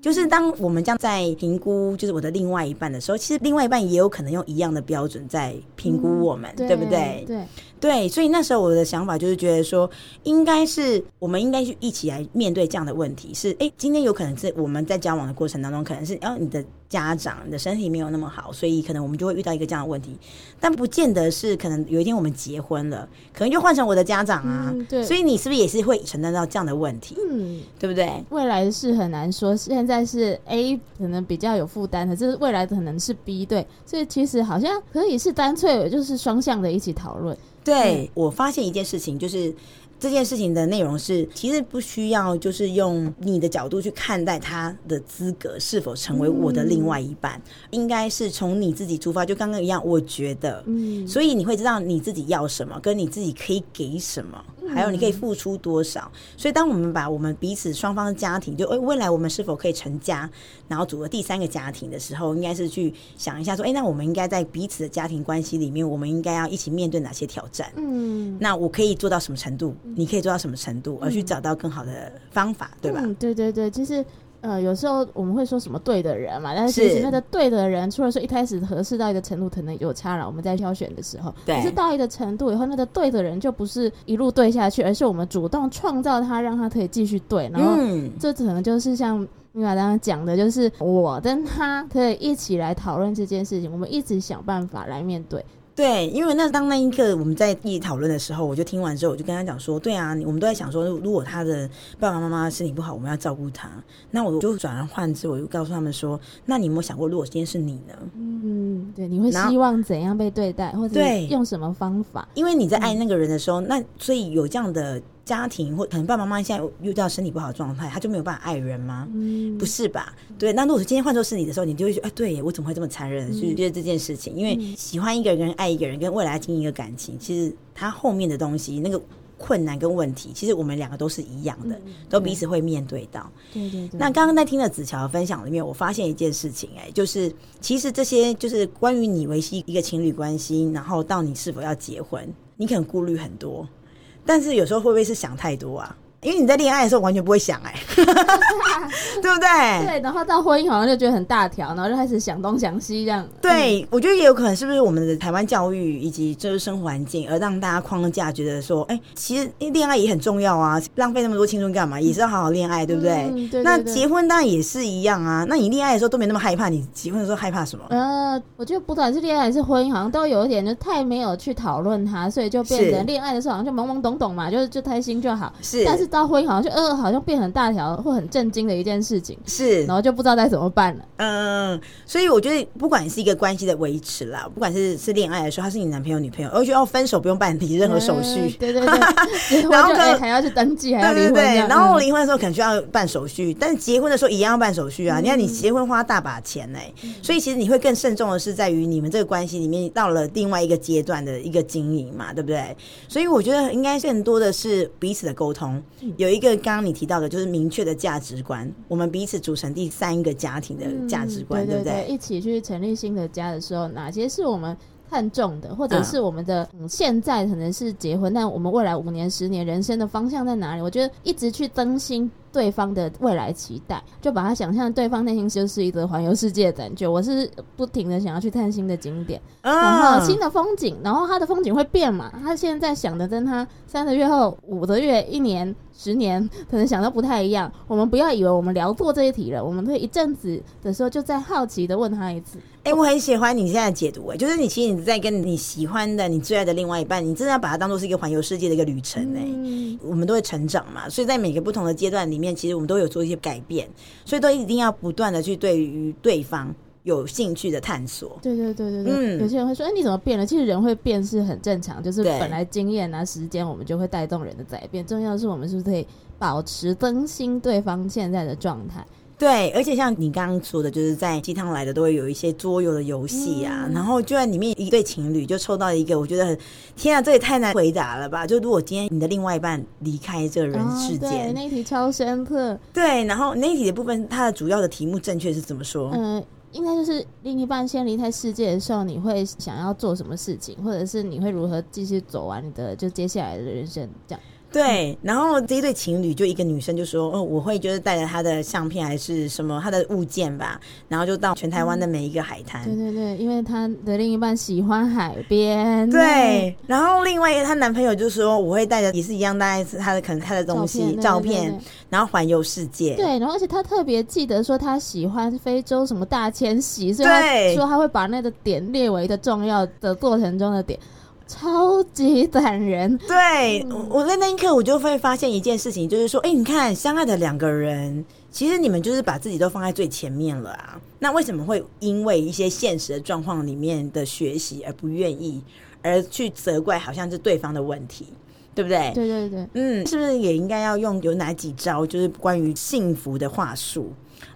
就是當我們這樣在評估，就是我的另外一半的時候，其實另外一半也有可能用一樣的標準在評估我們，嗯、對，對不對？對。對，所以那時候我的想法就是覺得說，應該是我們應該去一起來面對這樣的問題。是，哎，今天有可能是我們在交往的過程當中，可能是，哦，你的家長你的身體沒有那麼好，所以可能我們就會遇到一個這樣的問題。但不見得是，可能有一天我們結婚了，可能就換成我的家長啊、嗯。對，所以你是不是也是會承擔到這樣的問題？嗯，對不對？未來是很難說，現在是 A 可能比較有負擔的，就是未來可能是 B，對。所以其實好像可以是，是單純，就是雙向的一起討論。對，嗯，我發現一件事情，就是這件事情的內容是，其實不需要就是用你的角度去看待他的資格是否成為我的另外一半，嗯，應該是從你自己出發。就剛剛一樣，我覺得，嗯，所以你會知道你自己要什麼，跟你自己可以給什麼。還有，你可以付出多少？所以，當我們把我們彼此雙方的家庭，就未來我們是否可以成家，然後組個第三個家庭的時候，應該是去想一下，說，哎、欸，那我們應該在彼此的家庭關係裡面，我們應該要一起面對哪些挑戰？嗯，那我可以做到什麼程度？你可以做到什麼程度？而去找到更好的方法，嗯、對吧、嗯？對對對，就是。呃，有時候我們會說什麼對的人嘛，但是其實那個對的人，除了說一開始合適到一個程度，可能有差了，我們在挑選的時候，對，可是到一個程度以後，那個對的人就不是一路對下去，而是我們主動創造他，讓他可以繼續對，然後這可能就是像玉雅剛剛講的，就是、嗯、我跟他可以一起來討論這件事情，我們一直想辦法來面對。對，因為那當那一刻我們在一起討論的時候，我就聽完之後，我就跟他講說，對啊，我們都在想說，如果他的爸爸媽媽身體不好，我們要照顧他，那我就轉而換之，我就告訴他們說，那你有沒有想過，如果今天是你呢？嗯，對，你會希望怎樣被對待，Now, 或者用什麼方法？因為你在愛那個人的時候，嗯、那所以有這樣的。家庭或可能爸爸媽媽現在遇到身體不好狀態，他就沒有辦法愛人嗎、嗯？不是吧？對，那如果是今天換做是你的時候，你就會覺得哎，對我怎麼會這麼殘忍、嗯？就是覺得這件事情，因為喜歡一個人，跟人、跟愛一個人，跟未來經營一個感情，其實它後面的東西，那個困難跟問題，其實我們兩個都是一樣的、嗯，都彼此會面對到。對對，對那剛剛在聽了子喬的分享裡面，我發現一件事情、欸，哎，就是其實這些就是關於你維繫一個情侶關係，然後到你是否要結婚，你可能顧慮很多。但是有時候會不會是想太多啊？因為你在戀愛的時候完全不會想哎、欸 對不對？對，然後到婚姻好像就覺得很大條，然後就開始想東想西這樣。對，嗯、我覺得也有可能是不是我們的台灣教育以及就是生活環境，而讓大家框架覺得說，哎、欸，其實戀愛也很重要啊，浪費那麼多青春幹嘛、嗯？也是要好好戀愛，對不對、嗯、對、對、對、對？那結婚當然也是一樣啊。那你戀愛的時候都沒那麼害怕，你結婚的時候害怕什麼？呃，我覺得不管是戀愛還是婚姻，好像都有一點就太沒有去討論它，所以就變成戀愛的時候好像就懵懵懂懂嘛，是就是就開心就好。是，但是。到婚姻好像就呃，好像變很大條，或很震驚的一件事情。是，然後就不知道該怎麼辦了。嗯，所以我覺得，不管是一個關係的維持啦，不管是是戀愛的時候，他是你男朋友、女朋友，而且要分手不用辦理任何手續。欸、對對對， 然後可能、欸、還要去登記，還要離婚。對對對、嗯，然後離婚的時候可能需要辦手續，但是結婚的時候一樣要辦手續啊。嗯、你看，你結婚花大把錢呢、欸嗯，所以其實你會更慎重的是在於你們這個關係裡面到了另外一個階段的一個經營嘛，對不對？所以我覺得應該更多的是彼此的溝通。有一個剛剛你提到的，就是明確的價值觀，我們彼此組成第三個家庭的價值觀，嗯、對,對,對,對不對？一起去成立新的家的時候，哪些是我們看重的，或者是我們的、啊嗯、現在可能是結婚，但我們未來五年、十年人生的方向在哪裡？我覺得一直去更新對方的未來期待，就把它想象對方內心就是一個環遊世界的感覺。我是不停的想要去探新的景點、啊，然後新的風景，然後他的風景會變嘛？他現在想的，跟他三個月後、五個月、一年。十年可能想到不太一樣，我們不要以為我們聊過這一題了，我們會一陣子的時候就在好奇的問他一次。哎、欸，我很喜歡你現在解讀、欸，誒，就是你其實你在跟你喜歡的、你最愛的另外一半，你真的要把它當做是一個環遊世界的一個旅程誒、欸嗯，我們都會成長嘛，所以在每個不同的階段裡面，其實我們都有做一些改變，所以都一定要不斷的去對於對方。有興趣的探索，對對對對對，嗯，有些人會說：“哎、欸，你怎麼變了？”其實人會變是很正常，就是本來經驗拿、啊、時間，我們就會帶動人的改變。重要的是，我們是不是可以保持更新對方現在的狀態？對，而且像你剛剛說的，就是在雞湯來了都會有一些桌遊的遊戲啊、嗯，然後就在裡面一對情侶就抽到一個，我覺得很天啊，這也太難回答了吧！就如果今天你的另外一半離開這個人世間、哦，那題超深刻。對，然後那一題的部分，它的主要的題目正確是怎麼說？嗯。應該就是另一半先離開世界的時候，你會想要做什麼事情，或者是你會如何繼續走完你的，就接下來的人生這樣。對，然後這一對情侶就一個女生就說，哦，我會就是帶着她的相片還是什麼她的物件吧，然後就到全台灣的每一個海灘。嗯，對對對，因為她的另一半喜歡海邊。對，對，然後另外一個她男朋友就說，我會帶着也是一樣，大概是他的可能他的東西照片，對對對對，照片，然後環遊世界。對，然後而且他特別記得說他喜歡非洲什麼大遷徙，所以他說他會把那個點列為一個重要的過程中的點。超級感人，對，我在那一刻我就會發現一件事情，就是說，哎、欸，你看，相愛的兩個人，其實你們就是把自己都放在最前面了啊。那為什麼會因為一些現實的狀況裡面的學習而不願意，而去責怪好像是對方的問題，對不對？對對對，嗯，是不是也應該要用有哪幾招，就是關於幸福的話術？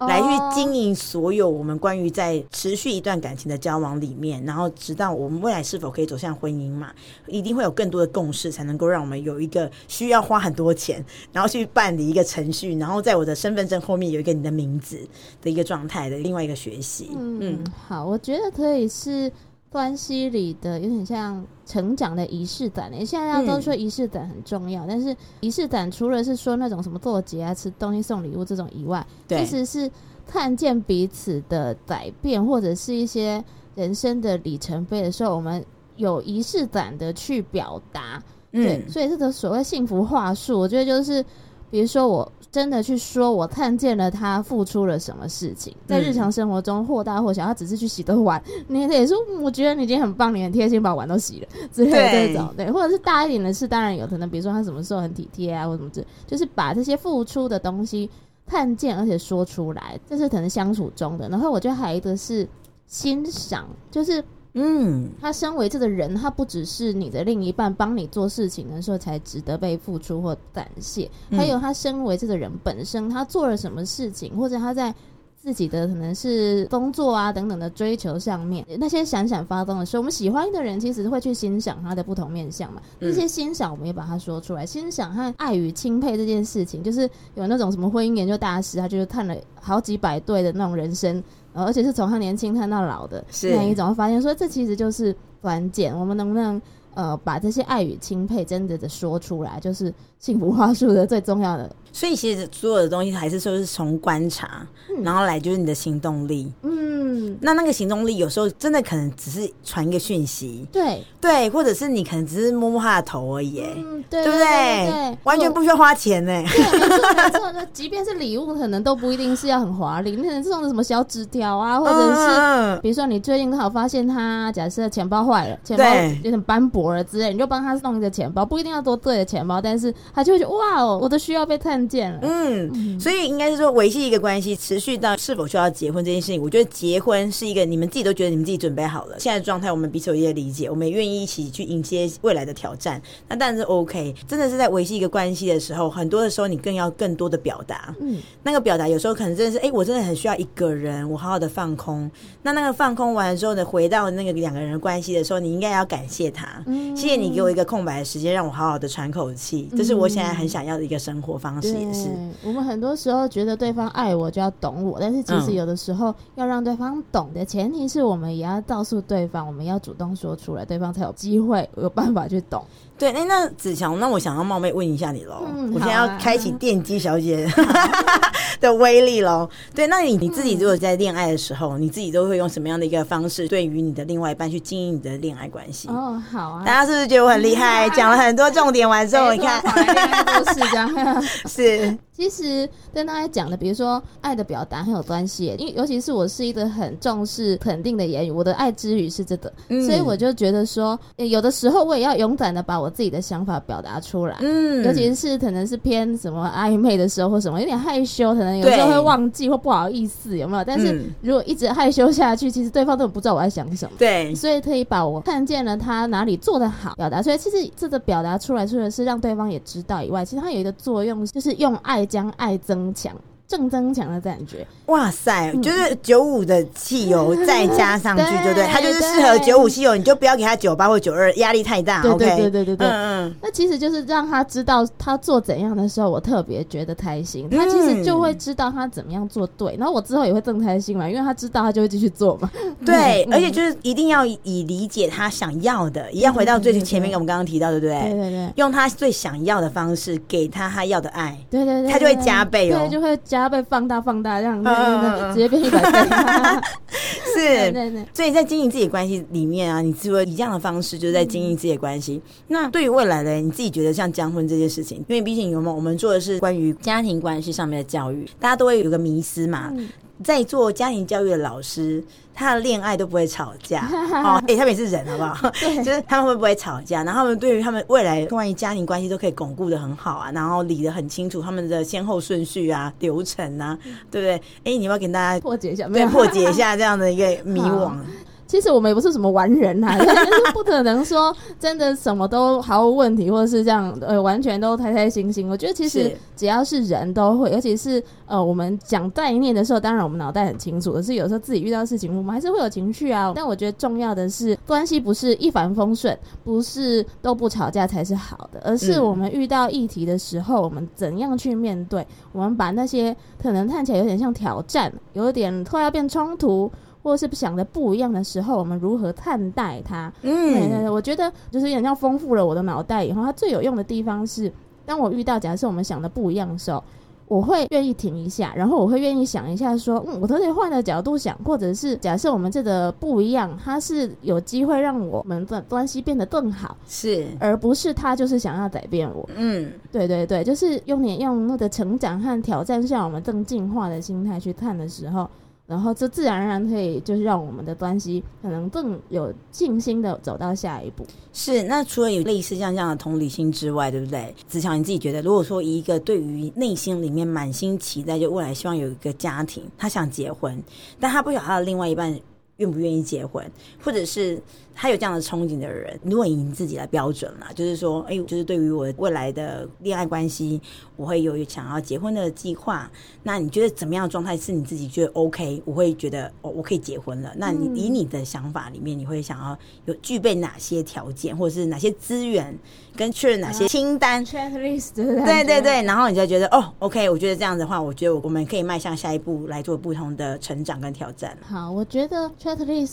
來去經營所有我們關於在持續一段感情的交往裡面，然後直到我們未來是否可以走向婚姻嘛，一定會有更多的共識，才能夠讓我們有一個需要花很多錢，然後去辦理一個程序，然後在我的身份證後面有一個你的名字的一個狀態的另外一個學習。嗯，嗯好，我覺得可以是。關係裡的有點像成長的儀式感。欸，你現在大家都說儀式感很重要，嗯、但是儀式感除了是說那種什麼過節啊、吃東西、送禮物這種以外，其實是看見彼此的改變或者是一些人生的里程碑的時候，我們有儀式感的去表達。嗯。對，所以這個所謂幸福話術，我覺得就是。比如說，我真的去說，我看見了他付出了什麼事情、嗯，在日常生活中或大或小，他只是去洗個碗，你得說我覺得你已經很棒，你很貼心把碗都洗了之類這種，對，或者是大一點的事，當然有可能，比如說他什麼時候很體貼啊，或什麼之，就是把這些付出的東西看見而且說出來，這、就是可能相處中的。然後我覺得還有一個是欣賞，就是。嗯，他身為這個人，他不只是你的另一半，幫你做事情的時候才值得被付出或感謝、嗯。還有他身為這個人本身，他做了什麼事情，或者他在自己的可能是工作啊等等的追求上面，那些閃閃發光的時候，我們喜歡的人其實會去欣賞他的不同面向嘛、嗯。這些欣賞，我們也把它說出來，欣賞和愛與欽佩這件事情，就是有那種什麼婚姻研究大師，他就是看了好幾百對的那種人生。呃、哦，而且是從他年輕他到老的，那一種，總會發現說，這其實就是短簡，簡。我們能不能呃，把這些愛與欽佩，真的的說出來，就是幸福話術的最重要的。所以其實所有的東西還是說是從觀察，嗯，然後來就是你的行動力。嗯，那那個行動力有時候真的可能只是傳一個訊息，對對，或者是你可能只是摸摸他的頭而已，嗯，對，對不對？對對對對，完全不需要花錢呢，嗯。對，對對對 對對沒錯，沒錯，即便是禮物，可能都不一定是要很華麗。那 送的什麼小紙條啊，或者是，嗯嗯嗯，比如說你最近剛好發現他，假設錢包壞了，錢包有點斑駁了之類，你就幫他弄一個錢包，不一定要多對的錢包，但是他就會覺得哇哦，我的需要被探。嗯，所以應該是說維繫一個關係，持續到是否需要結婚這件事情，我覺得結婚是一個你們自己都覺得你們自己準備好了，現在狀態，我們彼此有一些理解，我們也願意一起去迎接未來的挑戰。那但是 OK，真的是在維繫一個關係的時候，很多的時候你更要更多的表達。嗯，那個表達有時候可能真的是，哎、欸，我真的很需要一個人，我好好的放空。那那個放空完之後呢，回到那個兩個人的關係的時候，你應該要感謝他、嗯，謝謝你給我一個空白的時間，讓我好好的喘口氣，這是我現在很想要的一個生活方式。嗯是，我們很多時候覺得對方愛我就要懂我，但是其實有的時候要讓對方懂的、嗯、前提是我們也要告訴對方，我們要主動說出來，對方才有機會有辦法去懂。對，欸、那子喬，那我想要冒昧問一下你嘍、嗯啊，我現在要開啟電機小姐的威力嘍。對，那你你自己如果在戀愛的時候、嗯，你自己都會用什麼樣的一個方式，對於你的另外一半去經營你的戀愛關係？哦，好啊，大家是不是覺得我很厲害？講了很多重點完之後，欸、你看都是 這樣。 對，其實跟大家講的，比如說愛的表達很有關係，因為尤其是我是一個很重視肯定的言語，我的愛之語是這個。嗯、所以我就覺得說、欸，有的時候我也要勇敢的把我自己的想法表達出來，嗯，尤其是可能是偏什麼曖昧的時候或什麼，有點害羞，可能有時候會忘記或不好意思，有沒有？但是如果一直害羞下去，其實對方根本不知道我在想什麼，對、嗯，所以特意把我看見了他哪裡做得好表達出來，所以其實這個表達出來，除了是讓對方也知道以外，其實它有一個作用就是。是用愛將愛增強，正增強的感覺。哇塞，嗯、就是九五的汽油再加上去就對，就、嗯嗯、對，對，他就是適合九五汽油，你就不要給他九八或九二，壓力太大，對對對對對對，對。Okay、嗯，嗯，那其實就是讓他知道他做怎樣的時候，我特別覺得開心、嗯。他其實就會知道他怎麼樣做對，然後我之後也會更開心嘛，因為他知道他就會繼續做嘛。對、嗯，而且就是一定要以理解他想要的，一、嗯、樣，回到最前面我們剛剛提到，對不對、嗯？對對對，用他最想要的方式給他他要的愛，對對對,對,對，他就會加倍、哦，對，就會加倍放大放大，這樣，嗯,嗯,嗯，直接變一百倍 是對對對對。所以，在經營自己關係裡面啊，你只會以這樣的方式就是在經營自己的關係。嗯、那對於未來的，你自己覺得像結婚這件事情，因為畢竟我們我們做的是關於家庭關係上面的教育，大家都會有一個迷思嘛。嗯在做家庭教育的老師，他的戀愛都不會吵架 哦、欸。他們也是人好不好？ 就是他們會不會吵架？然後他們對於他們未來關於家庭關係都可以鞏固得很好啊，然後理得很清楚他們的先後順序啊、流程啊，對不對？哎、欸，你要不要給大家破解一下，破解一下這樣的一個迷惘。 其實我們也不是什麼完人啊， 但是不可能說真的什麼都毫無問題，或者是這樣呃完全都開開心心。我覺得其實只要是人都會，尤其是呃我們講概念的時候，當然我們腦袋很清楚，可是有時候自己遇到事情，我們還是會有情緒啊。但我覺得重要的是，關係不是一帆風順，不是都不吵架才是好的，而是我們遇到議題的時候，嗯、我們怎樣去面對，我們把那些可能看起來有點像挑戰，有點快要變衝突。或是想的不一樣的時候，我們如何看待它？嗯，對、欸、對，我覺得就是人要豐富了我的腦袋以後，它最有用的地方是，當我遇到假設我們想的不一樣的時候，我會願意停一下，然後我會願意想一下說，說嗯，我可以換個角度想，或者是假設我們這個不一樣，它是有機會讓我們的關係變得更好，是，而不是他就是想要改變我。嗯，對對對，就是用點用那個成長和挑戰下我們更進化的心態去看的時候。然後這自然而然可以，就是讓我們的關係可能更有信心的走到下一步。是，那除了有類似像這樣的同理心之外，對不對？子喬，你自己覺得，如果說一個對於內心裡面滿心期待，就未來希望有一個家庭，他想結婚，但他不曉得另外一半。願不願意結婚，或者是他有這樣的憧憬的人，如果你以自己的標準嘛，就是說，哎、欸，就是對於我未來的戀愛關係，我會有，有想要結婚的計劃。那你覺得怎麼樣的狀態是你自己覺得 OK？我會覺得哦，我可以結婚了。那你以你的想法裡面，你會想要有具備哪些條件，或者是哪些資源，跟確認哪些清單、啊、對對對。然後你再覺得哦，OK，我覺得這樣的話，我覺得我們可以邁向下一步來做不同的成長跟挑戰。好，我覺得。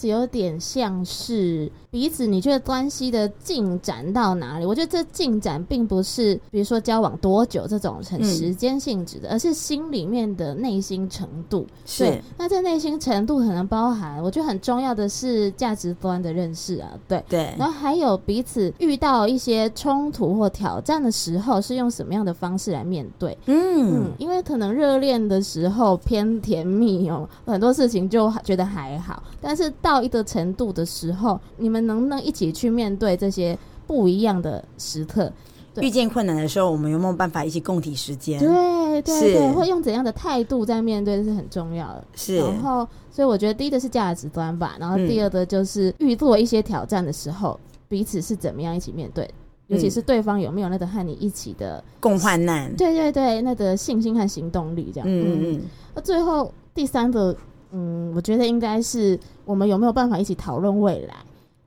有點像是彼此，你覺得關係的進展到哪裡？我覺得這進展並不是，比如說交往多久這種很時間性質的，嗯，而是心裡面的內心程度。是。對，那這內心程度可能包含，我覺得很重要的是價值觀的認識啊，對對。然後還有彼此遇到一些衝突或挑戰的時候，是用什麼樣的方式來面對？嗯，嗯，因為可能熱戀的時候偏甜蜜哦，很多事情就覺得還好。但是到一個程度的時候，你們能不能一起去面對這些不一樣的時刻？對，遇見困難的時候，我們有沒有辦法一起共體時間？對對對，會用怎樣的態度在面對是很重要的。是，然後所以我覺得第一個是價值觀吧，然後第二個就是、嗯、遇到一些挑戰的時候，彼此是怎麼樣一起面對，尤其是對方有沒有那個和你一起的共患難？對對對，那個信心和行動力這樣。嗯嗯嗯。那、嗯、最後第三個。嗯，我覺得應該是我們有沒有辦法一起討論未來？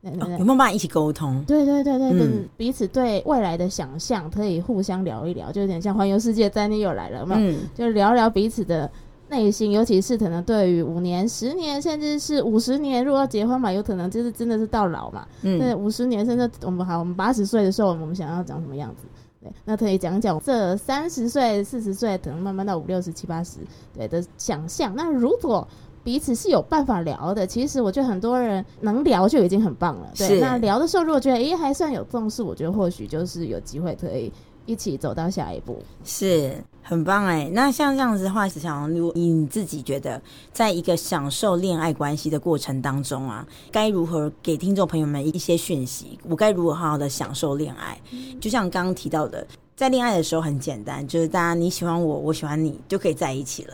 對對對對對哦、有沒有辦法一起溝通？對對對對，嗯，就是、彼此對未來的想象可以互相聊一聊，就有點像環遊世界，在天又來了嘛、嗯。就聊聊彼此的內心，尤其是可能對於五年、十年，甚至是五十年，如果要結婚嘛，有可能就是真的是到老嘛。嗯，那五十年甚至我們好，我們八十歲的時候，我們想要長什麼樣子？對，那可以講講這三十歲、四十歲，可能慢慢到五六十七八十，對的想象。那如果彼此是有辦法聊的。其實我覺得很多人能聊就已經很棒了。是對，那聊的時候，如果覺得誒、欸、還算有重視，我覺得或許就是有機會可以一起走到下一步，是很棒哎、欸。那像這樣子的話，想如果你自己覺得，在一個享受戀愛關係的過程當中啊，該如何給聽眾朋友們一些訊息？我該如何好好的享受戀愛、嗯？就像剛剛提到的，在戀愛的時候很簡單，就是大家你喜歡我，我喜歡你，就可以在一起了。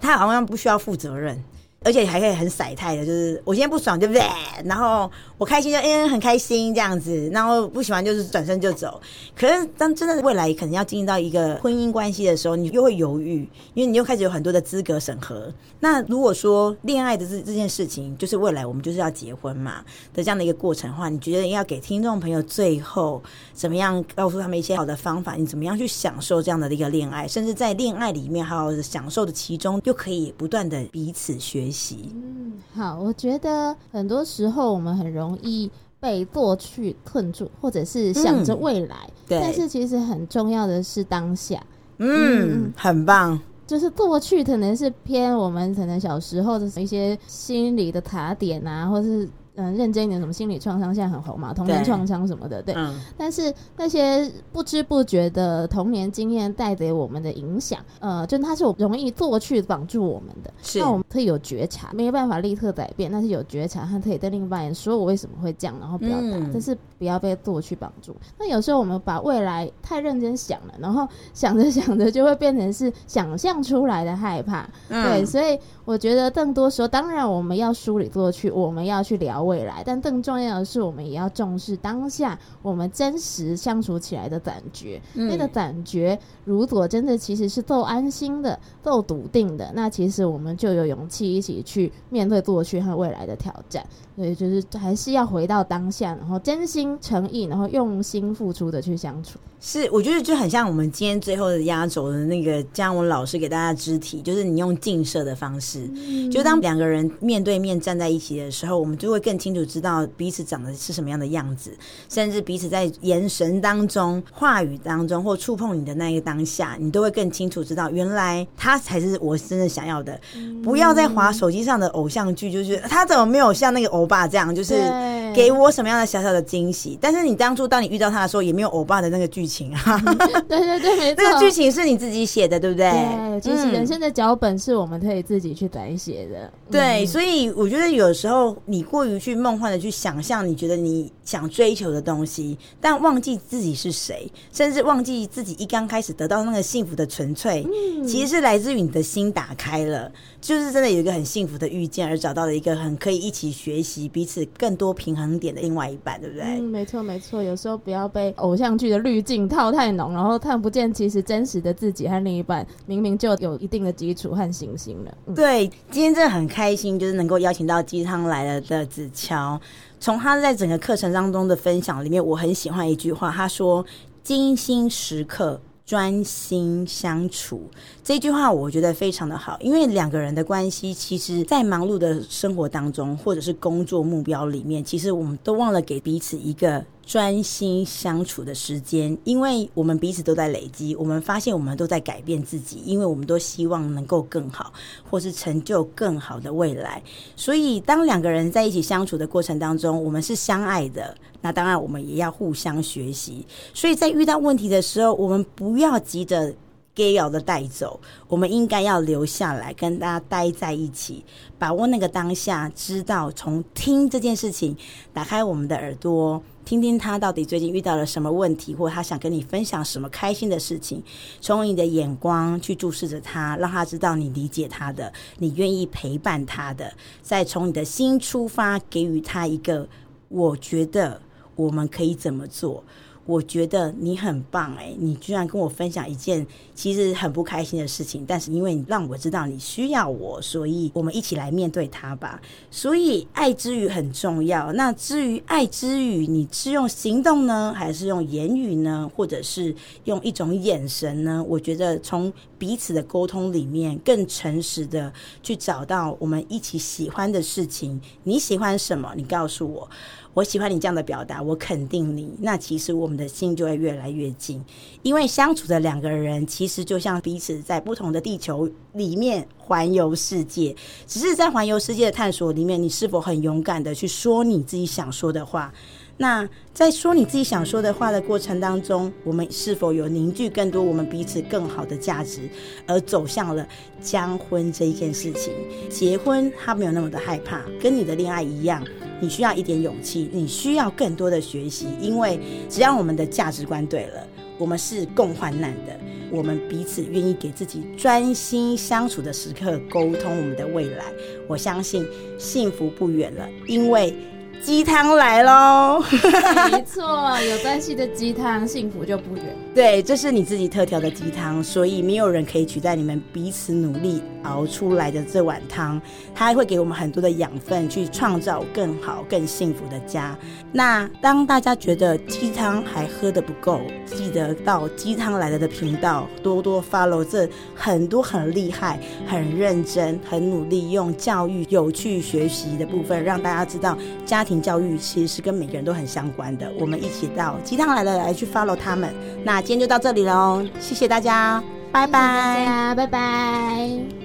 他好像不需要負責任。而且還可以很甩態的，就是我今天不爽對不對，然後。我開心就哎、欸，很開心這樣子，然後不喜歡就是轉身就走。可是當真的未來可能要進入到一個婚姻關係的時候，你又會猶豫，因為你又開始有很多的資格審核。那如果說戀愛的這這件事情，就是未來我們就是要結婚嘛的這樣的一個過程的話，你覺得你要給聽眾朋友最後怎麼樣告訴他們一些好的方法？你怎麼樣去享受這樣的一個戀愛，甚至在戀愛裡面還有享受的其中，又可以不斷的彼此學習？嗯，好，我覺得很多時候我們很容易。一被過去困住，或者是想着未來，嗯，但是其實很重要的是當下。嗯，嗯，很棒。就是過去可能是偏我們可能小時候的一些心理的卡點啊，或是。嗯，認真一點，什麼心理創傷現在很紅嘛，童年創傷什麼的，對，對、嗯。但是那些不知不覺的童年經驗帶給我們的影響，呃，就它是容易過去綁住我們的。是。那我們可以有覺察，沒有辦法立刻改變，但是有覺察，他可以在另一方說我為什麼會這樣，然後不要、嗯，但是不要被過去綁住。那有時候我們把未來太認真想了，然後想着想着就會變成是想象出來的害怕、嗯。對，所以我覺得更多時候，當然我們要梳理過去，我們要去聊。未來，但更重要的是，我們也要重視當下，我們真實相處起來的感覺。嗯、那個感覺，如果真的其實是夠安心的、夠篤定的，那其實我們就有勇氣一起去面對過去和未來的挑戰。對，就是還是要回到當下，然後真心誠意，然後用心付出的去相處。是，我覺得就很像我們今天最後的壓軸的那個姜文老師給大家肢體，就是你用近攝的方式，嗯、就當兩個人面對面站在一起的時候，我們就會更清楚知道彼此長得是什麼樣的樣子，甚至彼此在眼神當中、話語當中或觸碰你的那一個當下，你都會更清楚知道，原來他才是我真的想要的。嗯、不要再滑手機上的偶像劇，就是他怎麼沒有像那個偶像。歐巴這樣就是給我什麼樣的小小的驚喜？但是你當初當你遇到他的時候，也沒有歐巴的那個劇情啊。對對對，沒錯，這 個劇情是你自己寫的，對不對？其、yeah, 實人生的腳本是我們可以自己去改寫的。嗯、對、嗯，所以我覺得有時候你過於去夢幻的去想象，你覺得你。想追求的東西，但忘記自己是誰，甚至忘記自己一剛開始得到那個幸福的純粹。嗯。其實是來自於你的心打開了，就是真的有一個很幸福的遇見，而找到了一個很可以一起學習彼此更多平衡點的另外一半，對不對？嗯，沒錯，沒錯。有時候不要被偶像劇的濾鏡套太濃，然後看不見其實真實的自己和另一半，明明就有一定的基礎和信心了。嗯。對，今天真的很開心，就是能夠邀請到雞湯來了的子喬。從他在整個課程當中的分享裡面，我很喜歡一句話，他說：“精心時刻。”專心相處，這句話我覺得非常的好，因為兩個人的關係，其實在忙碌的生活當中，或者是工作目標裡面，其實我們都忘了給彼此一個專心相處的時間，因為我們彼此都在累積，我們發現我們都在改變自己，因為我們都希望能夠更好，或是成就更好的未來。所以當兩個人在一起相處的過程當中，我們是相愛的。那當然，我們也要互相學習。所以在遇到問題的時候，我們不要急着給要的帶走，我們應該要留下來跟大家待在一起，把握那個當下，知道從聽這件事情，打開我們的耳朵，聽聽他到底最近遇到了什麼問題，或他想跟你分享什麼開心的事情。從你的眼光去注視着他，讓他知道你理解他的，你願意陪伴他的。再從你的心出發，給予他一個我覺得。我們可以怎麼做？我覺得你很棒誒、欸，你居然跟我分享一件其實很不開心的事情，但是因為你讓我知道你需要我，所以我們一起來面對它吧。所以愛之語很重要。那至於愛之語，你是用行動呢？還是用言語呢？或者是用一種眼神呢？我覺得從彼此的溝通裡面，更誠實的去找到我們一起喜歡的事情。你喜歡什麼？你告訴我。我喜歡你這樣的表達，我肯定你。那其實我們的心就會越來越近，因為相處的兩個人其實就像彼此在不同的地球裡面環遊世界，只是在環遊世界的探索裡面，你是否很勇敢的去說你自己想說的話？那在說你自己想說的話的過程當中，我們是否有凝聚更多我們彼此更好的價值，而走向了將婚這一件事情？結婚他沒有那麼的害怕，跟你的戀愛一樣，你需要一點勇氣，你需要更多的學習，因為只要我們的價值觀對了，我們是共患難的，我們彼此願意給自己專心相處的時刻，溝通我們的未來，我相信幸福不遠了，因為。雞湯來嘍！ 沒錯，有關係的雞湯，幸福就不遠。對，這是你自己特調的雞湯，所以沒有人可以取代你們彼此努力熬出來的這碗湯。它還會給我們很多的養分，去創造更好、更幸福的家。那當大家覺得雞湯還喝得不夠，記得到雞湯來了的頻道多多 follow，這很多很厲害、很認真、很努力用教育有趣學習的部分，讓大家知道家庭教育其實是跟每個人都很相關的。我們一起到雞湯來了來去 follow 他們。那。今天就到這裡了哦，謝謝大家，拜拜，拜拜。謝謝。